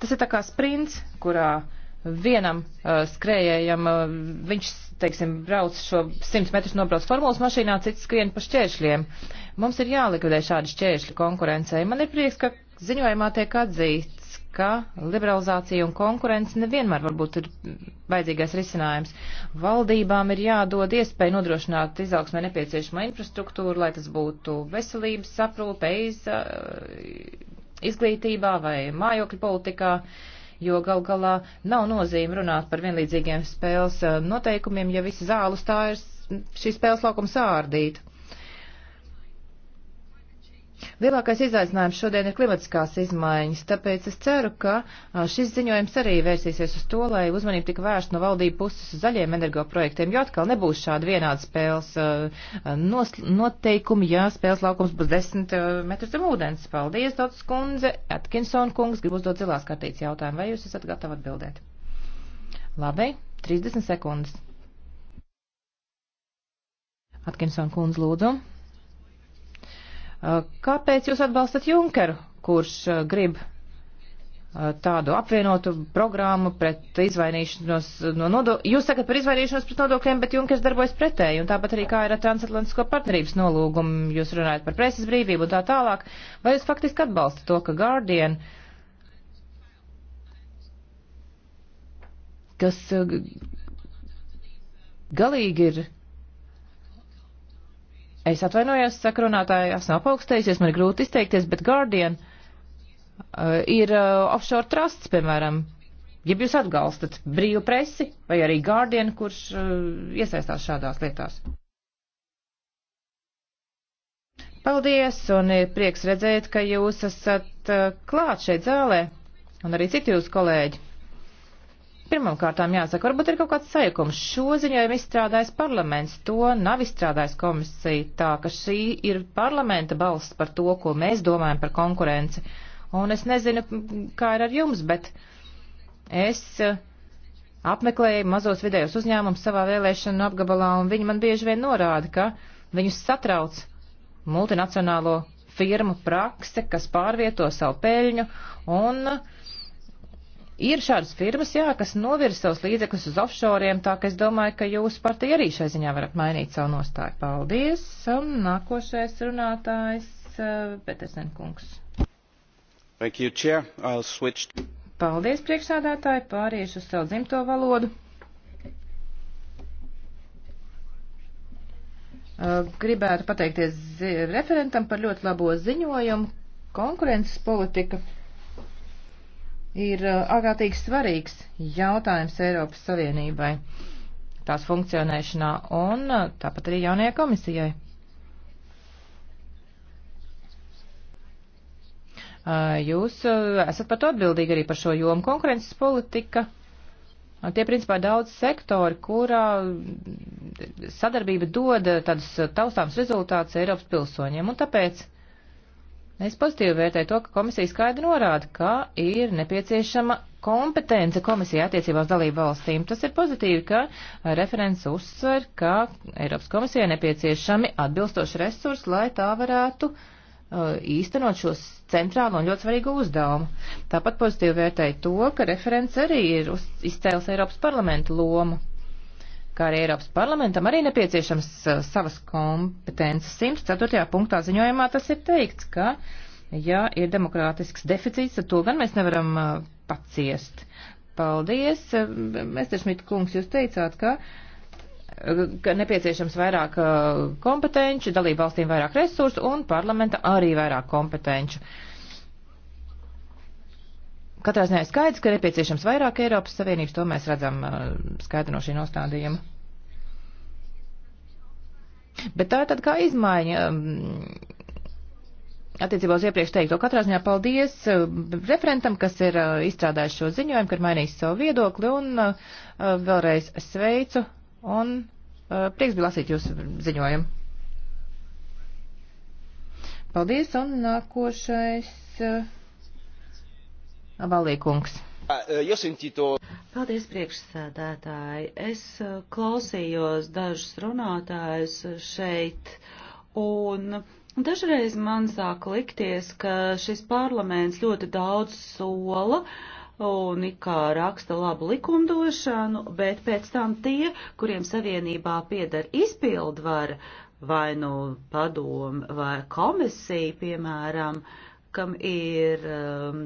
tas ir tā kā sprints, kurā uh, vienam uh, skrējējam, uh, viņš, teiksim, brauc šo 100 metrus nobrauc formulas mašīnā, cits skrien pa šķēršļiem. Mums ir jālikvidē šādi šķēršļi konkurencei. Man ir prieks, ka ziņojumā tiek atzīts, ka liberalizācija un konkurence nevienmēr varbūt ir vajadzīgais risinājums. Valdībām ir jādod iespēju nodrošināt izaugsmē nepieciešamā infrastruktūra, lai tas būtu veselības aprūpe, iz, uh, izglītībā vai mājokļu politikā. Uh, jo gal galā nav nozīme runāt par vienlīdzīgiem spēles eh, noteikumiem, ja visa zāle stājas šī spēles laukums ārdīt. Lielākais izaicinājums šodien ir klimatiskās izmaiņas, tāpēc es ceru, ka šis ziņojums arī vērsīsies uz to, lai uzmanība tika vērsta no valdību puses uz zaļiem energoprojektiem, jo atkal nebūs šāda vienāda spēles noteikumi, ja spēles laukums būs 10 metrus zem ūdens. Paldies, Dots kundze, Atkinson kungs, grib uzdot zilās kartītes jautājumu, vai jūs esat gatavi atbildēt? Labi, 30 sekundes. Atkinson kundze, lūdzu. Eh, kāpēc jūs atbalstat Junkeru, kurš eh, grib eh, tādu apvienotu programmu pret izvainīšanos no nodokļiem. Jūs sakat par izvainīšanos pret nodokļiem, bet Junkers darbojas pretēji, un tāpat arī kā ir ar transatlantisko partnerības nolūgumu, jūs runājat par preses brīvību un tā tālāk. Vai jūs faktiski atbalstat to, ka Guardian, kas galīgi ir Es atvainojos, saka runātāji, esmu apaugstējusies, man ir grūti izteikties, bet Guardian uh, ir uh, offshore trusts, piemēram. Ja jūs atbalstat brīvu presi vai arī Guardian, kurš uh, iesaistās šādās lietās. Paldies un ir prieks redzēt, ka jūs esat uh, klāt šeit zālē un arī citi jūsu kolēģi. Pirmkārtām jāsaka, varbūt ir kaut kāds sajukums. Šo ziņojumu izstrādājis parlaments, to nav izstrādājis komisija, tā ka šī ir parlamenta balsts par to, ko mēs domājam par konkurenci. Un es nezinu, kā ir ar jums, bet es eh, apmeklēju mazos vidējos uzņēmumus savā vēlēšanu apgabalā, un viņi man bieži vien norāda, ka viņus satrauc multinacionālo firmu prakse, kas pārvieto savu peļņu un uh, Ir šādas firmas, jā, kas novirza savus līdzekļus uz offshoriem, tā ka es domāju, ka jūsu partija arī šai ziņā varat mainīt savu nostāju. Paldies! Un nākošais runātājs eh, Petersen kungs. Thank you, Chair. I'll switch. Paldies, priekšsādātāji, pāriešu uz savu dzimto valodu. Eh, gribētu pateikties referentam par ļoti labo ziņojumu. Konkurences politika ir uh, ārkārtīgi svarīgs jautājums Eiropas Savienībai, tās funkcionēšanā un uh, tāpat arī jaunajai komisijai. Uh, jūs esat par to atbildīgi arī par šo jomu konkurences politika. Tie principā daudz sektori, kurā mm, sadarbība dod tādus taustāms rezultātus Eiropas pilsoņiem. Un tāpēc Es pozitīvi vērtēju to, ka komisija skaidri norāda, ka ir nepieciešama kompetence komisija attiecībās dalību valstīm. Tas ir pozitīvi, ka referents uzsver, ka Eiropas komisijai nepieciešami atbilstoši resursi, lai tā varētu uh, īstenot šos centrālo un ļoti svarīgo uzdevumu. Tāpat pozitīvi vērtēju to, ka referents arī ir izcēlis Eiropas parlamentu lomu kā arī Eiropas parlamentam arī nepieciešams uh, savas kompetences. 104. punktā ziņojumā tas ir teikts, ka, ja ir demokrātisks deficīts, tad to gan mēs nevaram uh, paciest. Paldies, uh, Mesteršmit kungs, jūs teicāt, ka ka nepieciešams vairāk kompetenci, dalību valstīm vairāk resursu un parlamenta arī vairāk kompetenci. Uh, Katrā ziņā ir skaidrs, ka nepieciešams vairāk Eiropas Savienības, to mēs redzam uh, skaidri no šī nostādījuma. Bet tā ir tad kā izmaiņa um, attiecībā uz iepriekš teikto. Katrā ziņā paldies uh, referentam, kas ir uh, izstrādājis šo ziņojumu, ka ir mainījis savu viedokli un vēlreiz sveicu un prieks bija lasīt jūsu ziņojumu. Paldies un nākošais. Uh... Valīkungs. Paldies, priekšsēdētāji. Es uh, klausījos dažus runātājus šeit, un dažreiz man sāk likties, ka šis parlaments ļoti daudz sola un kā raksta labu likumdošanu, bet pēc tam tie, kuriem savienībā pieder izpildvara, vai nu padomu vai komisija, piemēram, kam ir um,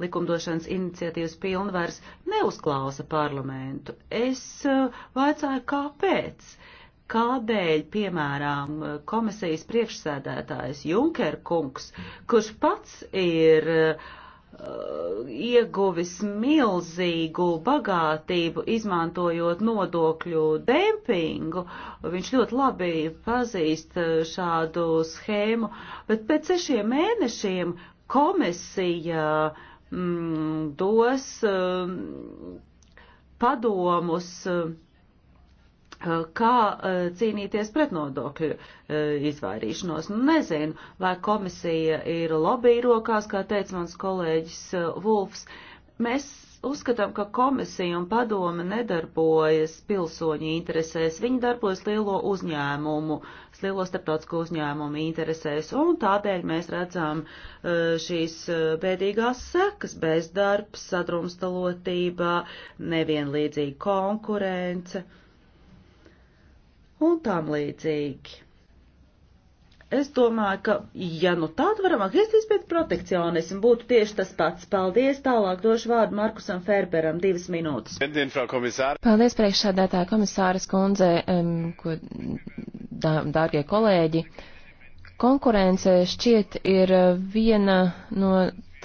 likumdošanas iniciatīvas pilnvars neuzklausa parlamentu. Es eh, vaicāju, kāpēc? Kādēļ, piemēram, komisijas priekšsēdētājs Junker kungs, kurš pats ir uh, ieguvis milzīgu bagātību, izmantojot nodokļu dempingu. Viņš ļoti labi pazīst eh, šādu schēmu, bet pēc sešiem mēnešiem komisija mm, dos mm, padomus, mm, uh, kā uh, cīnīties pret nodokļu uh, izvairīšanos. Nu, nezinu, vai komisija ir lobby rokās, kā teica mans kolēģis Vulfs. Mēs uzskatām, ka komisija un padome nedarbojas pilsoņu interesēs, viņi darbojas lielo uzņēmumu, lielo starptautisko uzņēmumu interesēs, un tādēļ mēs redzam e, šīs e, bēdīgās sekas - bezdarbs, sadrumstalotība, nevienlīdzīga konkurence un tam līdzīgi. Es domāju, ka, ja nu tādu varam atgriezties pēc protekcionismu, būtu tieši tas pats. Paldies, tālāk došu vārdu Markusam Ferberam, divas minūtes. Paldies, priekšsādātā komisāras kundze, um, ko, dā, dārgie kolēģi. Konkurence šķiet ir viena no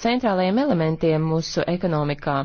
centrālajiem elementiem mūsu ekonomikā.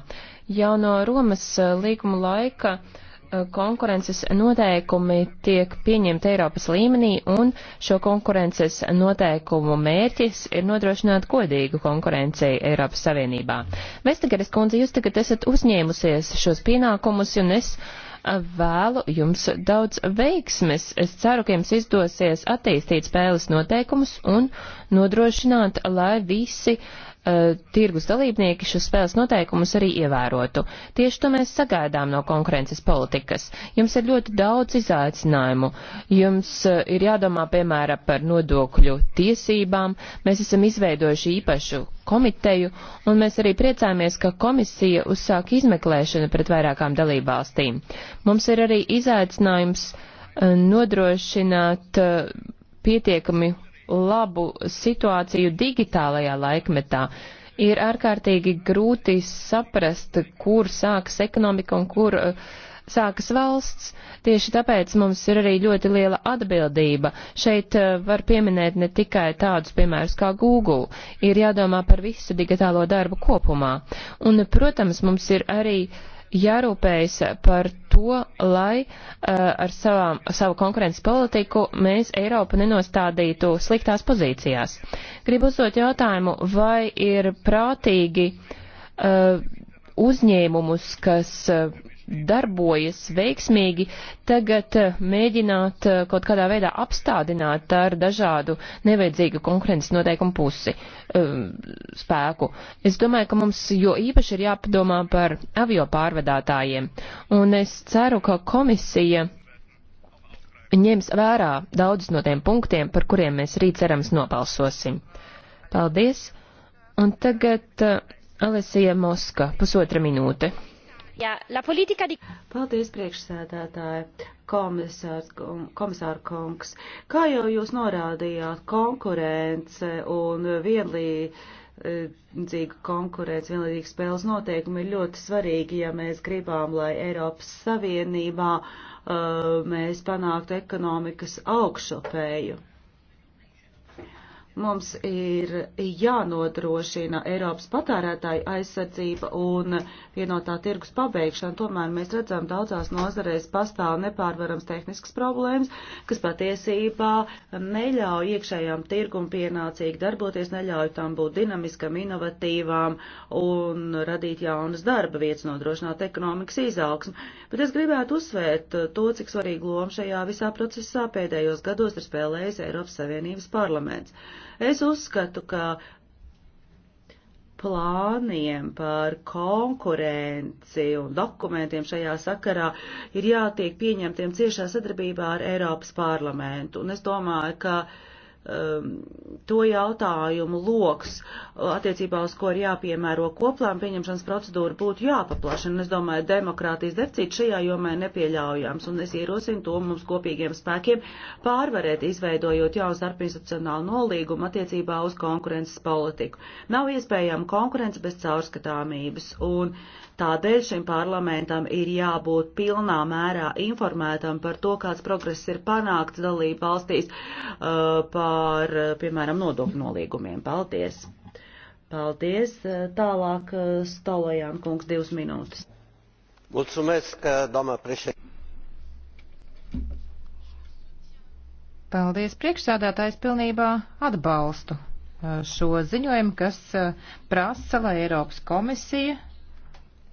Jau no Romas eh, līguma laika uh, Eh, konkurences noteikumi tiek pieņemti Eiropas līmenī, un šo konkurences noteikumu mērķis ir nodrošināt godīgu konkurenciju Eiropas Savienībā. Vestagaras kundze, jūs tagad esat uzņēmusies šos pienākumus, un es eh, vēlu jums daudz veiksmes. Es ceru, ka jums izdosies attīstīt spēles noteikumus un nodrošināt, lai visi uh, uh, tirgus dalībnieki šos spēles noteikumus arī ievērotu. Tieši to mēs sagaidām no konkurences politikas. Jums ir ļoti daudz izaicinājumu. Jums uh, ir jādomā, piemēram, par nodokļu tiesībām. Mēs esam izveidojuši īpašu komiteju, un mēs arī priecāmies, ka komisija uzsāk izmeklēšanu pret vairākām dalībvalstīm. Mums ir arī izaicinājums uh, nodrošināt uh, pietiekami labu situāciju digitālajā laikmetā. Ir ārkārtīgi grūti saprast, kur sākas ekonomika un kur uh, sākas valsts. Tieši tāpēc mums ir arī ļoti liela atbildība. Šeit eh, var pieminēt ne tikai tādus piemērus kā Google, ir jādomā par visu digitālo darbu kopumā. Un, protams, mums ir arī uh, jārūpējas par to, lai eh, ar savām, savu konkurences politiku mēs Eiropu nenostādītu sliktās pozīcijās. Gribu uzdot jautājumu, vai ir prātīgi eh, uzņēmumus, kas eh, darbojas veiksmīgi, tagad eh, mēģināt eh, kaut kādā veidā apstādināt ar dažādu neveidzīgu konkurences noteikumu pusi eh, spēku. Es domāju, ka mums jo īpaši ir jāpadomā par avio pārvadātājiem, un es ceru, ka komisija ņems vērā daudz no tiem punktiem, par kuriem mēs rīt cerams nobalsosim. Paldies! Un tagad uh, Alesija Moska, pusotra minūte. Jā, la politika di... Paldies, priekšsēdētāji, komisārs, komisāra kungs. Kā jau jūs norādījāt, konkurence un vienlīdzīga eh, konkurence, vienlīdzīga spēles noteikumi ir ļoti svarīgi, ja mēs gribām, lai Eiropas Savienībā uh, mēs panāktu ekonomikas augšupēju. Mums ir jānodrošina Eiropas patērētāju aizsardzība un vienotā tirgus pabeigšana. Tomēr mēs redzam daudzās nozareis pastāv nepārvarams tehniskas problēmas, kas patiesībā neļauj iekšējām tirgum pienācīgi darboties, neļauj tam būt dinamiskam, inovatīvām un radīt jaunas darba vietas, nodrošināt ekonomikas izaugsmu. Bet es gribētu uzsvērt to, cik svarīgu lomu šajā visā procesā pēdējos gados ir spēlējis Eiropas Savienības parlaments. Es uzskatu, ka plāniem par konkurenci un dokumentiem šajā sakarā ir jātiek pieņemtiem ciešā sadarbībā ar Eiropas parlamentu. Un es domāju, ka uh, Um, to jautājumu loks, attiecībā uz ko ir jāpiemēro koplām pieņemšanas procedūra, būtu jāpaplašina. Es domāju, demokrātijas deficīts šajā jomā ir nepieļaujams, un es ierosinu to mums kopīgiem spēkiem pārvarēt, izveidojot jaunu starpinstitucionālu nolīgumu attiecībā uz konkurences politiku. Nav iespējama konkurence bez caurskatāmības, un tādēļ šim parlamentam ir jābūt pilnā mērā informētam par to, kāds progress ir panākts dalību valstīs, uh, par ar, piemēram, nodokļu nolīgumiem. Paldies! Paldies! Tālāk Stolojām kungs divas minūtes. Mulțumesc, doamnă președinte. Paldies, priekšsādātājs pilnībā atbalstu uh, šo ziņojumu, kas uh, prasa, lai Eiropas komisija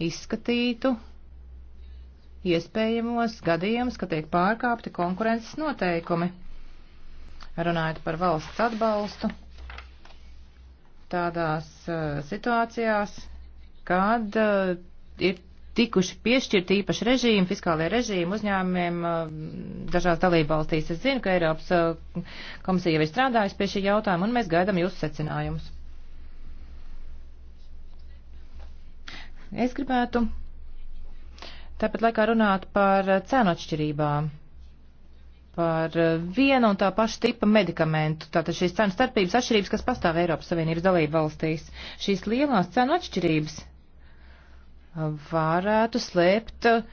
izskatītu iespējamos gadījumus, ka tiek pārkāpti konkurences noteikumi runājot par valsts atbalstu tādās uh, situācijās, kad uh, ir tikuši piešķirti īpaši režīmi, fiskālie režīmi uzņēmumiem uh, dažās dalībvalstīs. Es zinu, ka Eiropas uh, komisija jau ir strādājusi pie šī jautājuma, un mēs gaidām jūsu secinājumus. Es gribētu tāpat laikā runāt par uh, cenu atšķirībām par eh, viena un tā paša tipa medikamentu. Tātad šīs cenu starpības atšķirības, kas pastāv Eiropas Savienības dalību valstīs, šīs lielās cenu atšķirības eh, varētu slēpt eh,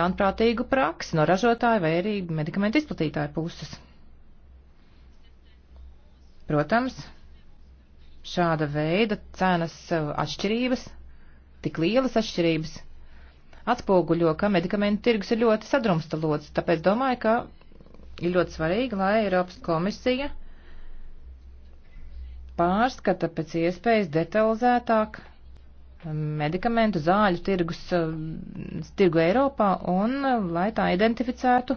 ļaunprātīgu praksi no ražotāja vai arī medikamentu izplatītāja puses. Protams, šāda veida cenas atšķirības, tik lielas atšķirības, atspoguļo, ka medikamentu tirgus ir ļoti sadrumstalots, tāpēc domāju, ka ir ļoti svarīgi, lai Eiropas komisija pārskata pēc iespējas detalizētāk um, medikamentu zāļu tirgus, um, tirgu Eiropā un um, lai tā identificētu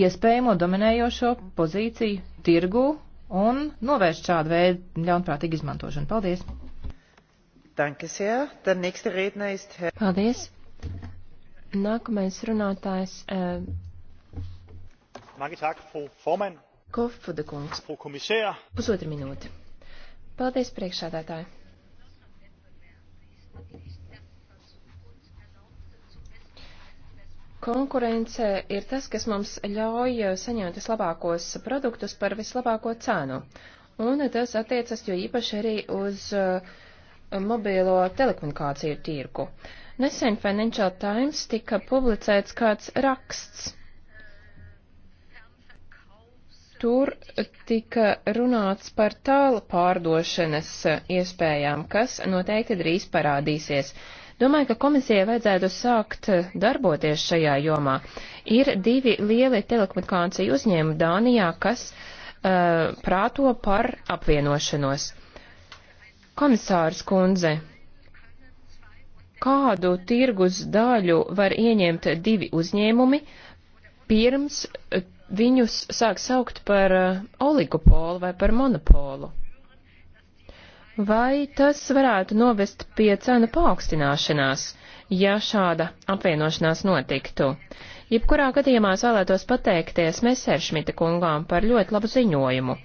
iespējamo dominējošo pozīciju tirgu un novērst šādu veidu ļaunprātīgu izmantošanu. Paldies! Paldies! Nākamais runātājs eh, Mange tak, fru formand. Kofuda kungs. Fru komisēra. Pusotra minūte. Paldies, priekšsādātāji. Konkurence ir tas, kas mums ļauj saņemt vislabākos produktus par vislabāko cenu. Un tas attiecas jo īpaši arī uz uh, mobīlo telekomunikāciju tirgu. Nesen Financial Times tika publicēts kāds raksts Tur tika runāts par tālu pārdošanas iespējām, kas noteikti drīz parādīsies. Domāju, ka komisijai vajadzētu sākt darboties šajā jomā. Ir divi lieli telekomunikāciju uzņēmumi Dānijā, kas uh, prāto par apvienošanos. Komisārs kundze, kādu tirgus daļu var ieņemt divi uzņēmumi, pirms viņus sāk saukt par eh, oligopolu vai par monopolu. Vai tas varētu novest pie cenu paaugstināšanās, ja šāda apvienošanās notiktu? Jebkurā gadījumā es vēlētos pateikties Meseršmita kungām par ļoti labu ziņojumu.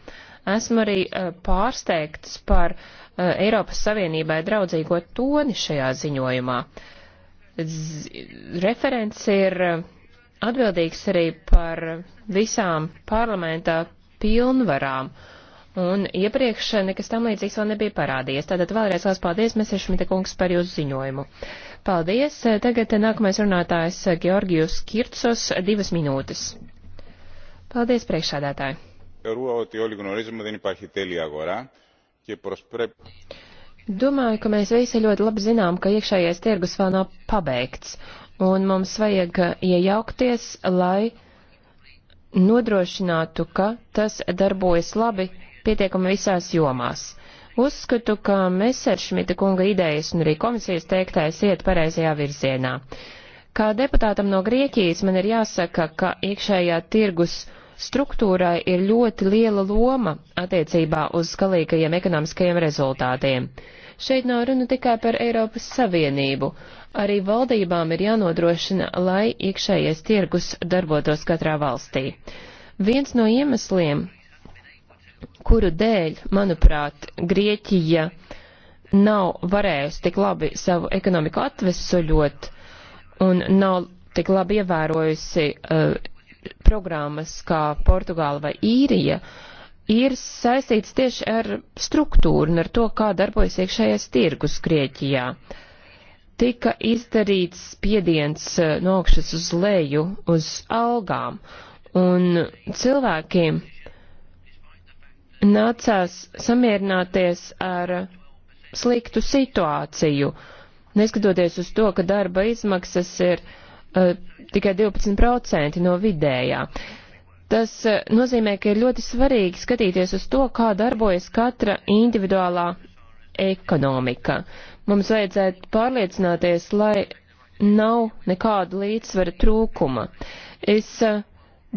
Esmu arī eh, pārsteigts par eh, Eiropas Savienībai draudzīgo toni šajā ziņojumā. Z referents ir atbildīgs arī par visām parlamentā pilnvarām. Un iepriekš nekas tam līdzīgs vēl nebija parādījies. Tātad vēlreiz liels paldies, Mēsers Šmita kungs, par jūsu ziņojumu. Paldies. Tagad nākamais runātājs Georgijus Kirtsos, divas minūtes. Paldies, priekšādātāji. Domāju, ka mēs visi ļoti labi zinām, ka iekšējais tirgus vēl nav pabeigts, un mums vajag iejaukties, lai nodrošinātu, ka tas darbojas labi pietiekami visās jomās. Uzskatu, ka Messeršmita kunga idejas un arī komisijas teiktais iet pareizajā virzienā. Kā deputātam no Grieķijas man ir jāsaka, ka iekšējā tirgus struktūrai ir ļoti liela loma attiecībā uz skalīgajiem ekonomiskajiem rezultātiem. Šeit nav runa tikai par Eiropas Savienību. Arī valdībām ir jānodrošina, lai iekšējais tirgus darbotos katrā valstī. Viens no iemesliem, kuru dēļ, manuprāt, Grieķija nav varējusi tik labi savu ekonomiku atvesuļot un nav tik labi ievērojusi uh, programmas kā Portugāla vai Īrija ir saistīts tieši ar struktūru un ar to, kā darbojas iekšējais tirgus Grieķijā. Tika izdarīts spiediens e, no augšas uz leju, uz algām, un cilvēkiem nācās samierināties ar sliktu situāciju, neskatoties uz to, ka darba izmaksas ir uh, Eh, tikai 12% no vidējā. Tas eh, nozīmē, ka ir ļoti svarīgi skatīties uz to, kā darbojas katra individuālā ekonomika. Mums vajadzētu pārliecināties, lai nav nekāda līdzsvara trūkuma. Es eh,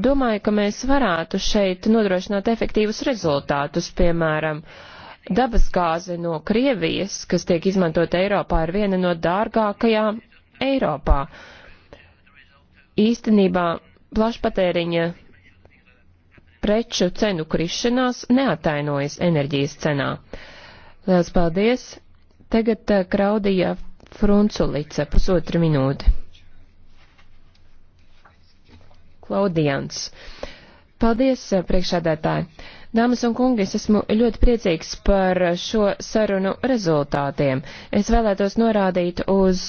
domāju, ka mēs varētu šeit nodrošināt efektīvus rezultātus, piemēram, dabasgāze no Krievijas, kas tiek izmantota Eiropā, ir viena no dārgākajām Eiropā. Uh, īstenībā plašpatēriņa preču cenu krišanās neatainojas enerģijas cenā. Lielas paldies! Tagad eh, kraudīja Frunculica pusotra minūte. Klaudijans. Paldies, eh, priekšādātāji! Dāmas un kungi, es esmu ļoti priecīgs par šo sarunu rezultātiem. Es vēlētos norādīt uz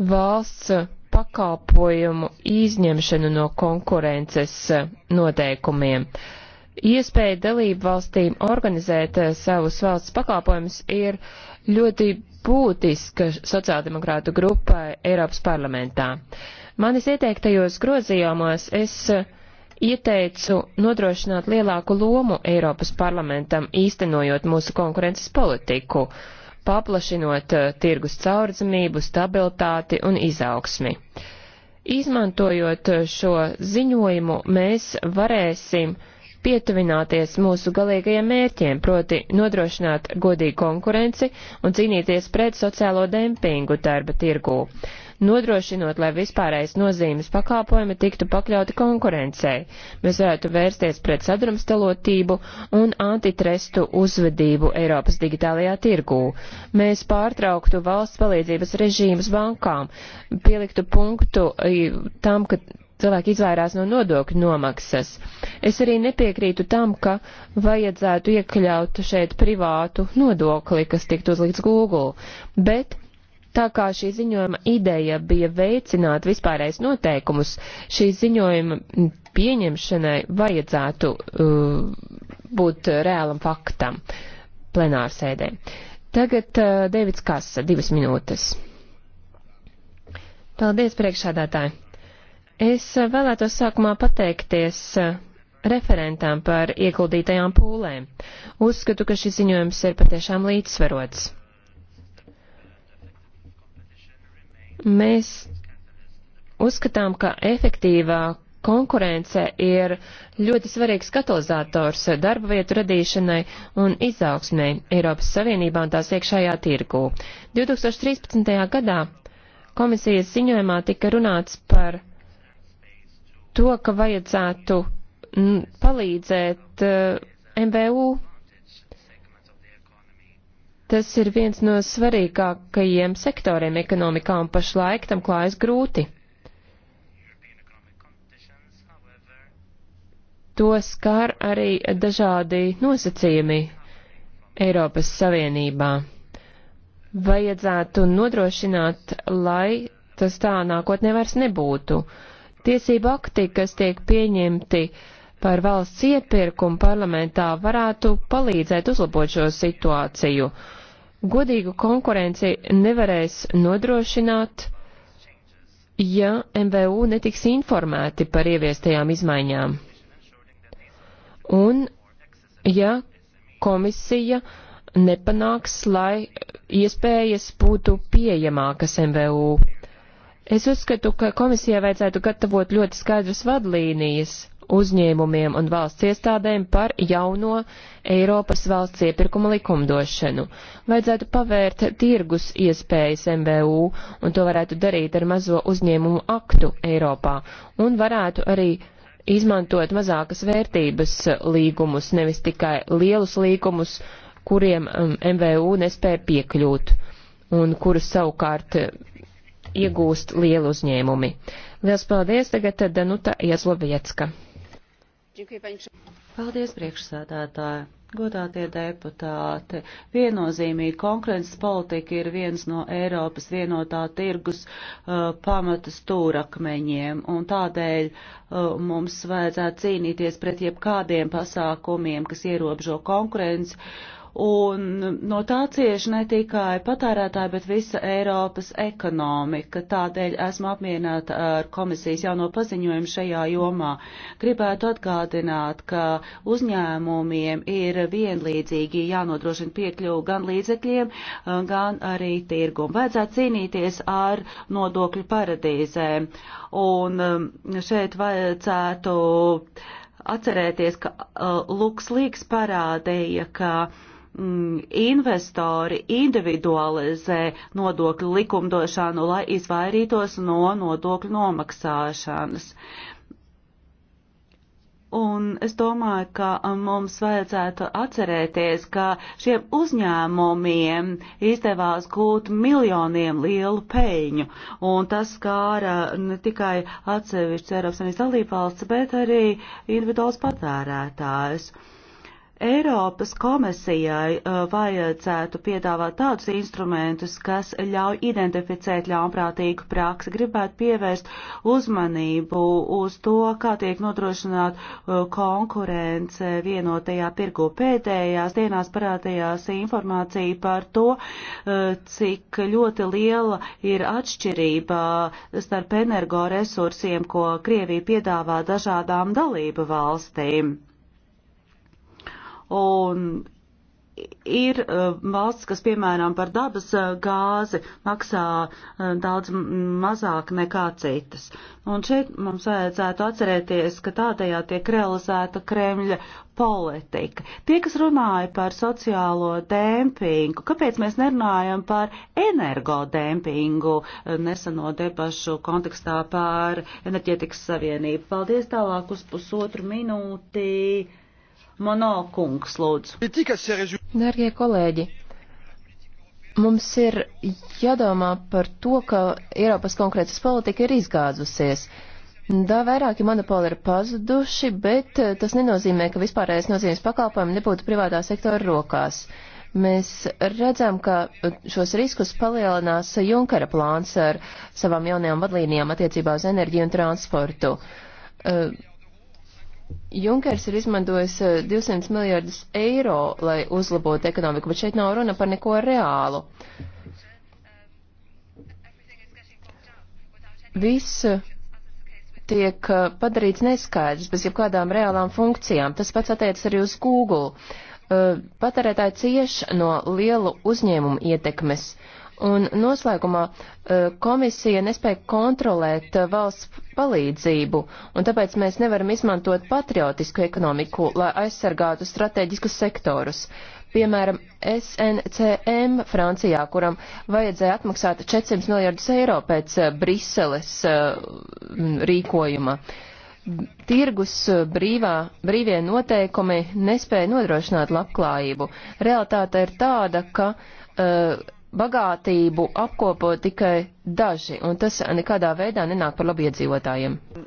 valsts pakalpojumu izņemšanu no konkurences eh, noteikumiem. Iespēja dalību valstīm organizēt eh, savus valsts pakalpojumus ir ļoti būtiska sociāldemokrātu grupai Eiropas parlamentā. Manis ieteiktajos grozījumos es eh, ieteicu nodrošināt lielāku lomu Eiropas parlamentam īstenojot mūsu konkurences politiku. Uh, paplašinot eh, tirgus caurdzamību, stabilitāti un izaugsmi. Izmantojot eh, šo ziņojumu, mēs varēsim pietuvināties mūsu galīgajiem mērķiem, proti nodrošināt godīgu konkurenci un cīnīties pret sociālo dempingu darba tirgū nodrošinot, lai vispārējais nozīmes pakāpojumi tiktu pakļauti konkurencei. Mēs varētu vērsties pret sadrumstalotību un antitrestu uzvedību Eiropas digitālajā tirgū. Mēs pārtrauktu valsts palīdzības režīmus bankām, pieliktu punktu e, tam, ka cilvēki izvairās no nodokļu nomaksas. Es arī nepiekrītu tam, ka vajadzētu iekļaut šeit privātu nodokli, kas tiktu uzlikts Google, bet Tā kā šī ziņojuma ideja bija veicināt vispārējais noteikumus, šī ziņojuma pieņemšanai vajadzētu uh, būt reālam faktam plenārsēdē. Tagad uh, Devits Kasa, divas minūtes. Paldies, priekšādātāji. Es uh, vēlētos sākumā pateikties uh, referentām par ieguldītajām pūlēm. Uzskatu, ka šis ziņojums ir patiešām līdzsvarots. Mēs uzskatām, ka efektīvā konkurence ir ļoti svarīgs katalizators darba vietu radīšanai un izaugsmai Eiropas Savienībā un tās iekšējā tirgū. 2013. gadā komisijas ziņojumā tika runāts par to, ka vajadzētu palīdzēt eh, MVU Tas ir viens no svarīgākajiem sektoriem ekonomikā un pašlaik tam klājas grūti. To skar arī dažādi nosacījumi Eiropas Savienībā. Vajadzētu nodrošināt, lai tas tā nākotnē vairs nebūtu. Tiesību akti, kas tiek pieņemti uh, par valsts iepirkumu parlamentā varētu palīdzēt uzlabot šo situāciju. Godīgu konkurenci nevarēs nodrošināt, ja MVU netiks informēti par ieviestajām izmaiņām. Un ja komisija nepanāks, lai iespējas būtu pieejamākas MVU. Es uzskatu, ka komisijai vajadzētu gatavot ļoti skaidras vadlīnijas uzņēmumiem un valsts iestādēm par jauno Eiropas valsts iepirkuma likumdošanu. Vajadzētu pavērt tirgus iespējas MBU, un to varētu darīt ar mazo uzņēmumu aktu Eiropā, un varētu arī izmantot mazākas vērtības līgumus, nevis tikai lielus līgumus, kuriem MVU um, nespēja piekļūt un kurus savukārt iegūst lielu uzņēmumi. Liels paldies tagad Danuta Iezloviecka. Paldies, priekšsēdētāji! Godātie deputāti, viennozīmīgi konkurences politika ir viens no Eiropas vienotā tirgus uh, pamata stūrakmeņiem, un tādēļ uh, mums vajadzētu cīnīties pret jebkādiem pasākumiem, kas ierobežo konkurenci un no tā cieši ne tikai patērētāji, bet visa Eiropas ekonomika. Tādēļ esmu apmierināta ar komisijas jauno paziņojumu šajā jomā. Gribētu atgādināt, ka uzņēmumiem ir vienlīdzīgi jānodrošina piekļuvu gan līdzekļiem, gan arī tirgumu. Vajadzētu cīnīties ar nodokļu paradīzēm. Un um, šeit vajadzētu atcerēties, ka uh, Luks Līgs parādīja, ka uh, Mm, investori individualizē nodokļu likumdošanu, lai izvairītos no nodokļu nomaksāšanas. Un es domāju, ka um, mums vajadzētu atcerēties, ka šiem uzņēmumiem izdevās gūt miljoniem lielu peļņu, un tas skāra ne tikai atsevišķas Eiropas Savienības dalībvalsts, bet arī individuāls patērētājs. Uh, Eiropas komisijai uh, vajadzētu piedāvāt tādus instrumentus, kas ļauj identificēt ļaunprātīgu praksi. Gribētu pievērst uzmanību uz to, kā tiek nodrošināt uh, konkurence vienotajā tirgu. Pēdējās dienās parādījās informācija par to, uh, cik ļoti liela ir atšķirība starp energoresursiem, ko Krievija piedāvā dažādām dalību valstīm. Un ir e, valsts, kas piemēram par dabas e, gāzi maksā e, daudz mazāk nekā citas. Un šeit mums vajadzētu atcerēties, ka tādējā tiek realizēta Kremļa politika. Tie, kas runāja par sociālo dempingu, kāpēc mēs nerunājam par energodempingu neseno debašu kontekstā par enerģetikas savienību? Paldies tālāk uz pusotru minūti. Mono kungs, lūdzu. Dārgie kolēģi, mums ir jādomā par to, ka Eiropas konkrētas politika ir izgāzusies. Da vairāki monopoli ir pazuduši, bet eh, tas nenozīmē, ka vispārējais nozīmes pakalpojumi nebūtu privātā sektora rokās. Mēs redzam, ka eh, šos riskus palielinās Junkara plāns ar savām jaunajām vadlīnijām attiecībā uz enerģiju un transportu. Uh, Junkers ir izmantojis 200 eh, miljardus eiro, lai uzlabotu ekonomiku, bet šeit nav runa par neko reālu. Viss eh, tiek eh, padarīts neskaidrs, bez jebkādām reālām funkcijām. Tas pats attiecas arī uz Google. Patērētāji cieš no lielu uzņēmumu ietekmes, Un noslēgumā eh, komisija nespēja kontrolēt eh, valsts palīdzību, un tāpēc mēs nevaram izmantot patriotisku ekonomiku, lai aizsargātu strateģiskus sektorus. Piemēram, SNCM Francijā, kuram vajadzēja atmaksāt 400 miljardus eiro pēc eh, Briseles rīkojuma. Tirgus brīvā, brīvie noteikumi nespēja nodrošināt labklājību. Realtāte ir tāda, ka uh, bagātību apkopo tikai daži, un tas nekādā veidā nenāk par labu iedzīvotājiem. Uh,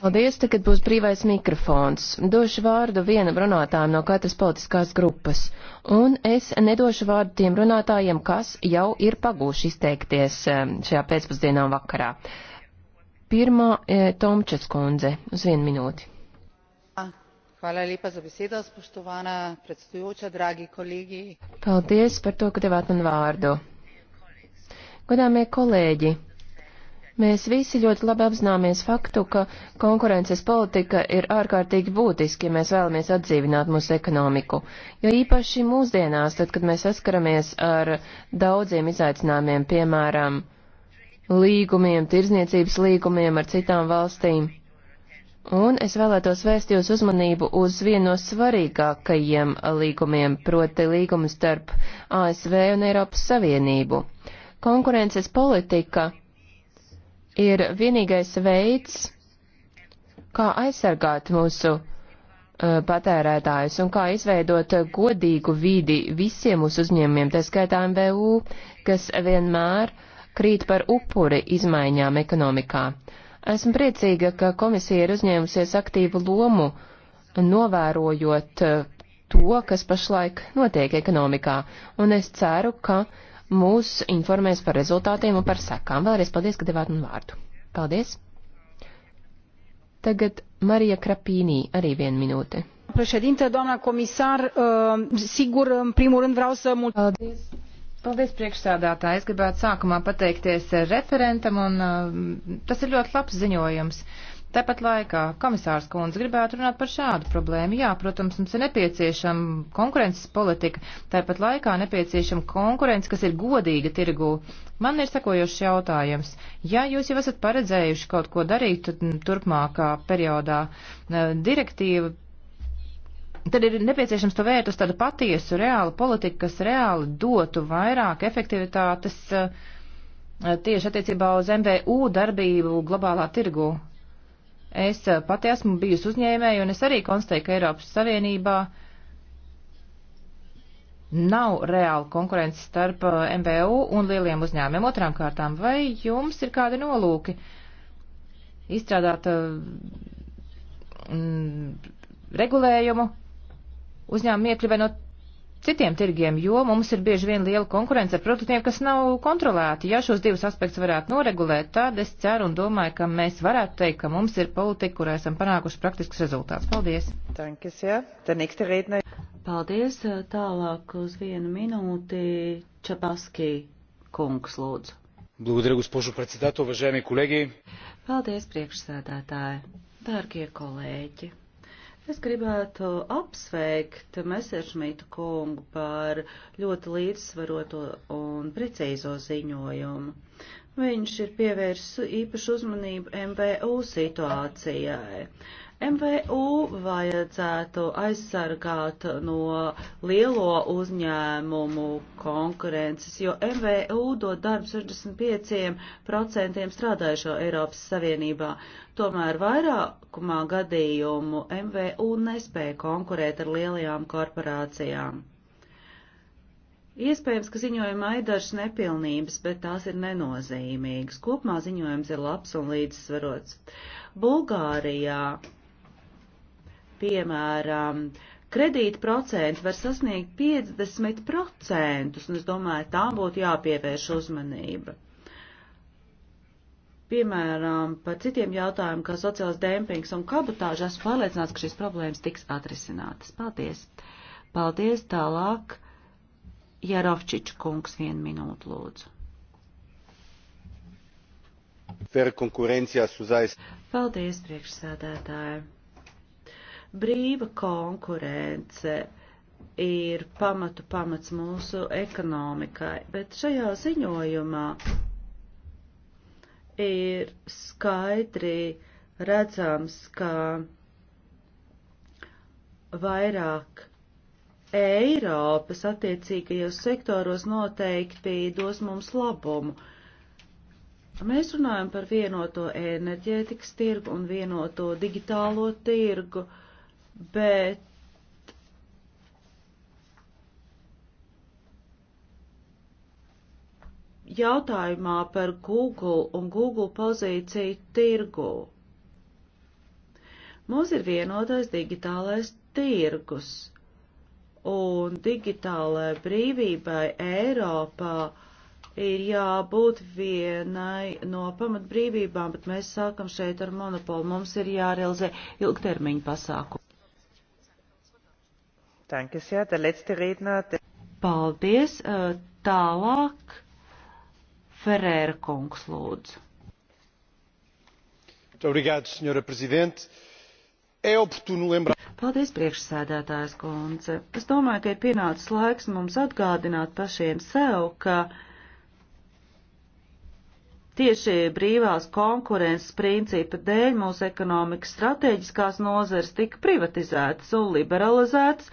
Paldies, tagad būs brīvais mikrofons. Došu vārdu vienam runātājam no katras politiskās grupas, un es nedošu vārdu tiem runātājiem, kas jau ir pagūši izteikties um, šajā pēcpusdienā un vakarā. Pirmā eh, Tomčes kundze uz vienu minūti. Paldies par to, ka devāt man vārdu. Godāmie kolēģi, mēs visi ļoti labi apzināmies faktu, ka konkurences politika ir ārkārtīgi būtiski, ja mēs vēlamies atdzīvināt mūsu ekonomiku. Jo īpaši mūsdienās, tad, kad mēs saskaramies ar daudziem izaicinājumiem, piemēram, līgumiem, tirzniecības līgumiem ar citām valstīm. Un es vēlētos vēst jūs uzmanību uz vienu no svarīgākajiem līgumiem, proti līgumu starp ASV un Eiropas Savienību. Konkurences politika ir vienīgais veids, kā aizsargāt mūsu uh, patērētājus un kā izveidot godīgu vīdi visiem mūsu uzņēmumiem, tā skaitā MVU, kas vienmēr krīt par upuri izmaiņām ekonomikā. Uh, Esmu priecīga, ka komisija ir uzņēmusies aktīvu lomu, novērojot eh, to, kas pašlaik notiek ekonomikā, un es ceru, ka mūs informēs par rezultātiem un par sekām. Vēlreiz paldies, ka devāt man vārdu. Paldies! Tagad Marija Krapīnī, arī viena minūte. Președinte, doamna comisar, eh, sigur, în primul rând vreau să mulțumesc. Paldies priekšsādātāji. Es gribētu sākumā pateikties referentam, un uh, tas ir ļoti labs ziņojums. Tāpat laikā komisārs kundze gribētu runāt par šādu problēmu. Jā, protams, mums ir nepieciešama konkurences politika, tāpat laikā nepieciešama konkurence, kas ir godīga tirgū. Man ir sakojošs jautājums. Ja jūs jau esat paredzējuši kaut ko darīt turpmākā periodā, direktīva Tad ir nepieciešams to vērt uz tādu patiesu, reālu politiku, kas reāli dotu vairāk efektivitātes eh, tieši attiecībā uz MVU darbību globālā tirgu. Es eh, pati esmu bijusi uzņēmēja, un es arī konstatēju, ka Eiropas Savienībā nav reāla konkurence starp eh, MVU un lieliem uzņēmumiem. Otrām kārtām, vai jums ir kādi nolūki izstrādāt mm, regulējumu, uzņēmumu iekļuvē no citiem tirgiem, jo mums ir bieži vien liela konkurence ar produktiem, kas nav kontrolēti. Ja šos divus aspektus varētu noregulēt, tad es ceru un domāju, ka mēs varētu teikt, ka mums ir politika, kurā esam panākuši praktiskus rezultātus. Paldies! Dankas, jā. Paldies! Tālāk uz vienu minūti Čabaskī kungs lūdzu. Благодаря, госпожо председател, уважаеми колеги. Paldies, priekšsēdētāji, dārgie kolēģi. Es gribētu apsveikt Messeršmītu kungu par ļoti līdzsvaroto un precīzo ziņojumu. Viņš ir pievērsis īpašu uzmanību MVU situācijai. MVU vajadzētu aizsargāt no lielo uzņēmumu konkurences, jo MVU dod darbu 65% strādājušo Eiropas Savienībā. Tomēr vairākumā gadījumu MVU nespēja konkurēt ar lielajām korporācijām. Iespējams, ka ziņojumā ir dažas nepilnības, bet tās ir nenozīmīgas. Kopumā ziņojums ir labs un līdzsvarots. Bulgārijā Piemēram, kredītprocenti var sasniegt 50%, un es domāju, tām būtu jāpievērš uzmanība. Piemēram, par citiem jautājumiem, kā sociāls dempings un kabotāža, esmu pārliecināts, ka šīs problēmas tiks atrisinātas. Paldies! Paldies tālāk, Jarovčič kungs, vienu minūtu lūdzu. Fair konkurencijā suzais. Paldies, priekšsēdētāji! Brīva konkurence ir pamatu pamats mūsu ekonomikai, bet šajā ziņojumā ir skaidri redzams, ka vairāk Eiropas attiecīgajos sektoros noteikti dos mums labumu. Mēs runājam par vienoto enerģētikas tirgu un vienoto digitālo tirgu. Uh, bet jautājumā par Google un Google pozīciju tirgu. Mums ir vienotais digitālais tirgus, un digitālajai brīvībai Eiropā ir jābūt vienai no pamatbrīvībām, bet mēs sākam šeit ar monopolu. Mums ir jārealizē ilgtermiņa pasākumu. Paldies. Tālāk Ferēra kungs lūdzu. Obrigado, senhora presidente. É oportuno lembrar. Paldies, priekšsēdētājs kundze. Es domāju, ka ir pienācis laiks mums atgādināt pašiem sev, ka Tieši brīvās konkurences principa dēļ mūsu ekonomikas strateģiskās nozares tika privatizētas un liberalizētas,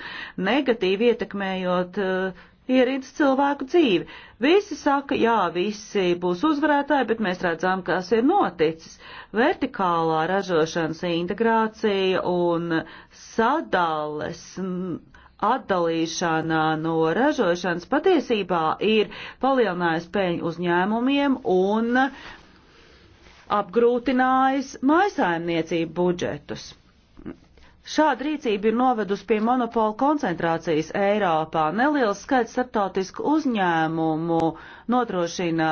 negatīvi ietekmējot uh, ierīdz cilvēku dzīvi. Visi saka, jā, visi būs uzvarētāji, bet mēs redzam, kas ir noticis. Vertikālā ražošanas integrācija un sadales atdalīšana no ražošanas patiesībā ir palielinājusi peļņu uzņēmumiem un apgrūtinājis mājsaimniecību budžetus. Šāda rīcība ir novedusi pie monopola koncentrācijas Eiropā. Neliels skaits starptautisku uzņēmumu nodrošina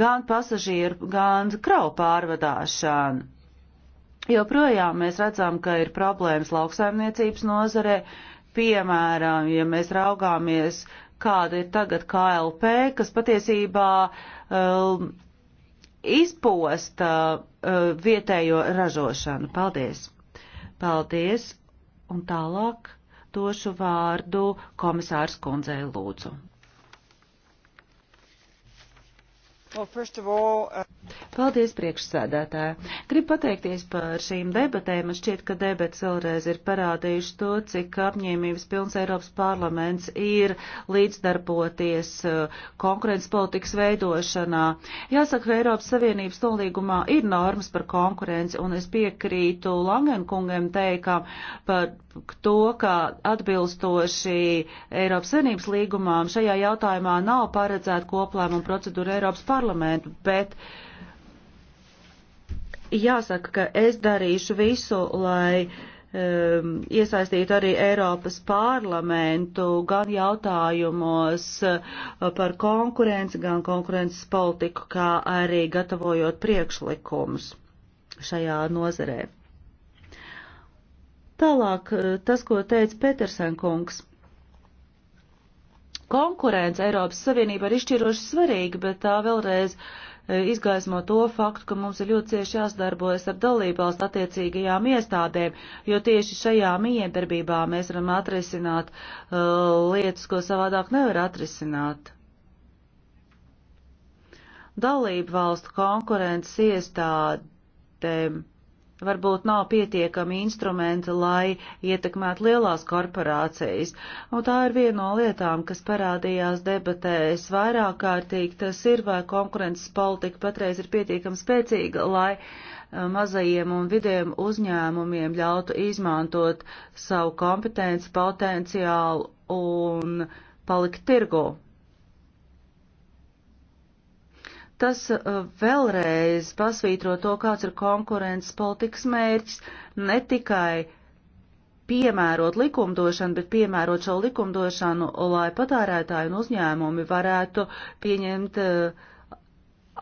gan pasažieru, gan kravu pārvadāšanu. Joprojām mēs redzam, ka ir problēmas lauksaimniecības nozarē, Piemēram, ja mēs raugāmies, kāda ir tagad KLP, kas patiesībā uh, izposta uh, vietējo ražošanu. Paldies! Paldies! Un tālāk došu vārdu komisārs kundzei lūdzu. Well, all, uh... Paldies, priekšsēdētāji! Gribu pateikties par šīm debatēm. Man šķiet, ka debats vēlreiz ir parādījuši to, cik apņēmības pilns Eiropas parlaments ir līdzdarboties eh, konkurences politikas veidošanā. Jāsaka, ka Eiropas Savienības nolīgumā ir normas par konkurenci, un es piekrītu Langenkungam teikam par to, ka atbilstoši Eiropas Savienības līgumām šajā jautājumā nav paredzēta koplēmuma procedūra Eiropas parlamentu, bet uh, jāsaka, ka es darīšu visu, lai um, iesaistītu arī Eiropas parlamentu gan jautājumos uh, par konkurenci, gan konkurences politiku, kā arī gatavojot priekšlikumus šajā nozerē. Tālāk uh, tas, ko teica Petersenkungs. Konkurence Eiropas Savienība ir izšķiroši svarīga, bet tā vēlreiz uh, izgaismo to faktu, ka mums ir ļoti cieši jāsadarbojas ar dalībvalstu attiecīgajām iestādēm, jo tieši šajā miedarbībā mēs varam atrisināt uh, lietas, ko savādāk nevar atrisināt. Dalībvalstu konkurences iestādēm varbūt nav pietiekami instrumenti, lai ietekmētu lielās korporācijas. Un tā ir viena no lietām, kas parādījās debatēs vairāk kārtīgi, tas ir, vai konkurences politika patreiz ir pietiekami spēcīga, lai eh, mazajiem un vidiem uzņēmumiem ļautu izmantot savu kompetenci, potenciālu un palikt tirgu. Tas uh, vēlreiz pasvītro to, kāds ir konkurences politikas mērķis, ne tikai piemērot likumdošanu, bet piemērot šo likumdošanu, lai patērētāji un uzņēmumi varētu pieņemt uh,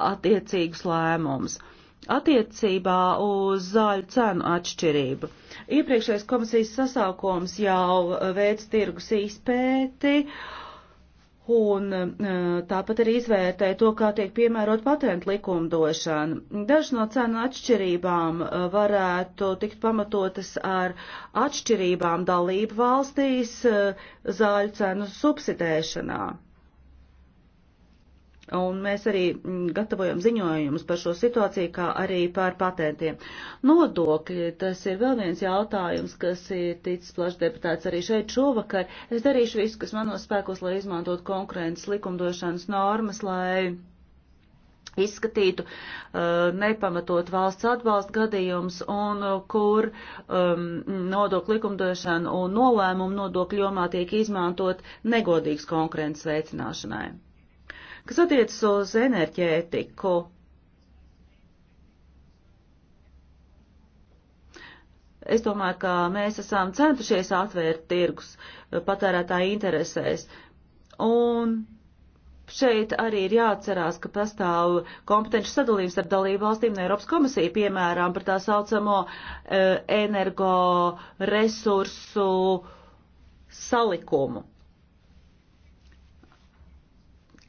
attiecīgus lēmumus attiecībā uz zāļu cenu atšķirību. Iepriekšējais komisijas sasaukums jau uh, veids tirgus īspēti. Uh, un e, tāpat arī izvērtē to, kā tiek piemērot patentu likumdošana. Daži no cenu atšķirībām e, varētu tikt pamatotas ar atšķirībām dalību valstīs e, zāļu cenu subsidēšanā. Un mēs arī mm, gatavojam ziņojumus par šo situāciju, kā arī par patentiem. Nodokļi, tas ir vēl viens jautājums, kas ir ticis plašs deputāts arī šeit šovakar. Es darīšu visu, kas manos spēkos, lai izmantot konkurences likumdošanas normas, lai izskatītu uh, nepamatot valsts atbalsta gadījums un uh, kur um, nodokļu likumdošana un nolēmumu nodokļu jomā tiek izmantot negodīgas konkurences veicināšanai. Kas attiecas uz enerģētiku, Es domāju, ka mēs esam centušies atvērt tirgus eh, patērētāju interesēs. Un šeit arī ir jāatcerās, ka pastāv kompetenci sadalījums ar dalību valstīm un Eiropas komisiju, piemēram, par tā saucamo eh, energo resursu salikumu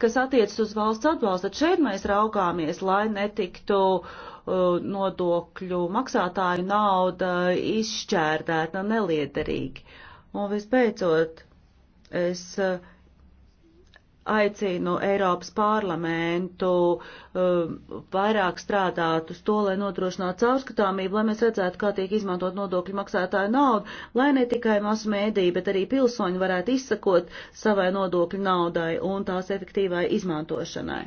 kas attiecas uz valsts atbalstu, tad šeit mēs raugāmies, lai netiktu uh, nodokļu maksātāju nauda izšķērdēta neliederīgi. Un visbeidzot, es uh, aicinu Eiropas parlamentu um, vairāk strādāt uz to, lai nodrošinātu caurskatāmību, lai mēs redzētu, kā tiek izmantot nodokļu maksātāju naudu, lai ne tikai masu mēdī, bet arī pilsoņi varētu izsakot savai nodokļu naudai un tās efektīvai izmantošanai.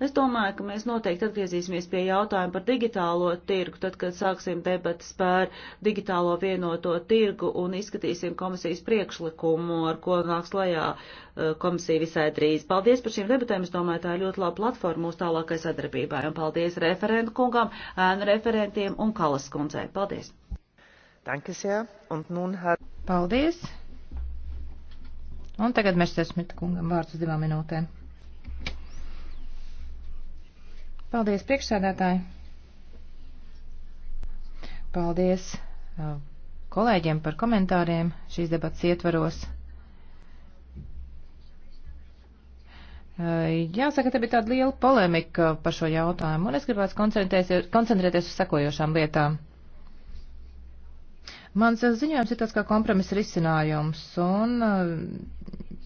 Es domāju, ka mēs noteikti atgriezīsimies pie jautājuma par digitālo tirgu, tad, kad sāksim debatas par digitālo vienoto tirgu un izskatīsim komisijas priekšlikumu, ar ko nāks lajā eh, komisija visai drīz. Paldies par šīm debatēm. Es domāju, tā ir ļoti laba platforma mūsu tālākai sadarbībai. Un paldies referentu kungam, ēnu referentiem un kalas kundzei. Paldies! Dankas, jā. Un nun, her... Paldies! Un tagad mēs esam kungam vārds uz divām minūtēm. Paldies, priekšsēdētāji! Paldies uh, kolēģiem par komentāriem šīs debats ietvaros. Uh, jāsaka, te bija tāda liela polemika par šo jautājumu, un es gribētu koncentrēties, koncentrēties uz sekojošām lietām. Mans ziņojums ir tāds kā kompromisa risinājums, un uh,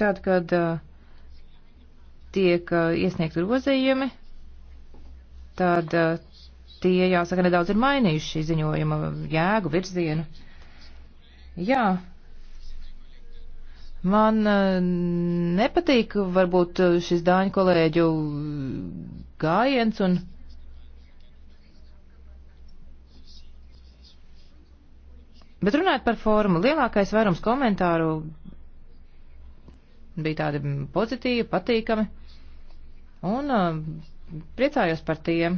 tad, kad uh, tiek iesniegti grozījumi, tad tie, jāsaka, nedaudz ir mainījuši šī ziņojuma jēgu virzienu. Jā, man nepatīk varbūt šis dāņu kolēģu gājiens un. Bet runājot par formu, lielākais vairums komentāru bija tādi pozitīvi, patīkami un um, priecājos par tiem,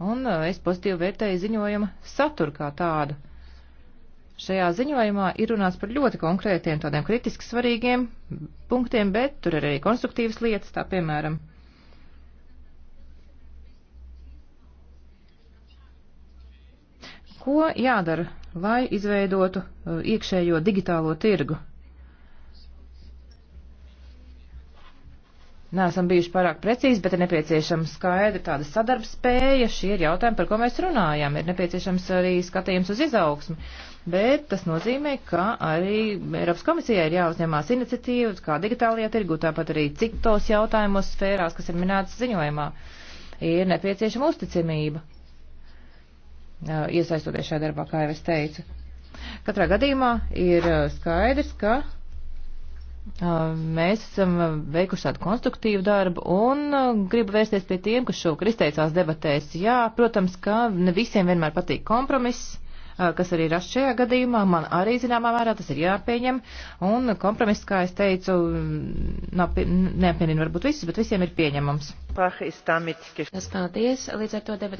un uh, es pozitīvi vērtēju ziņojuma saturu kā tādu. Šajā ziņojumā ir runāts par ļoti konkrētiem tādiem kritiski svarīgiem punktiem, bet tur ir arī konstruktīvas lietas, tā piemēram. Ko jādara, lai izveidotu uh, iekšējo digitālo tirgu? neesam bijuši pārāk precīzi, bet ir nepieciešama skaidra tāda sadarbspēja. Šie ir jautājumi, par ko mēs runājam. Ir nepieciešams arī skatījums uz izaugsmi. Bet tas nozīmē, ka arī Eiropas komisijai ir jāuzņemās iniciatīvas, kā digitālajā tirgu, tāpat arī citos jautājumos sfērās, kas ir minētas ziņojumā. Ir nepieciešama uzticamība. Iesaistoties šajā darbā, kā jau es teicu. Katrā gadījumā ir skaidrs, ka Mēs esam veikuši tādu konstruktīvu darbu un gribu vērsties pie tiem, kas šokar izteicās debatēs. Jā, protams, ka ne visiem vienmēr patīk kompromiss, kas arī rast šajā gadījumā. Man arī zināmā mērā tas ir jāpieņem. Un kompromiss, kā es teicu, neapmienina varbūt visus, bet visiem ir pieņemams. Paldies. Līdz ar to debatē.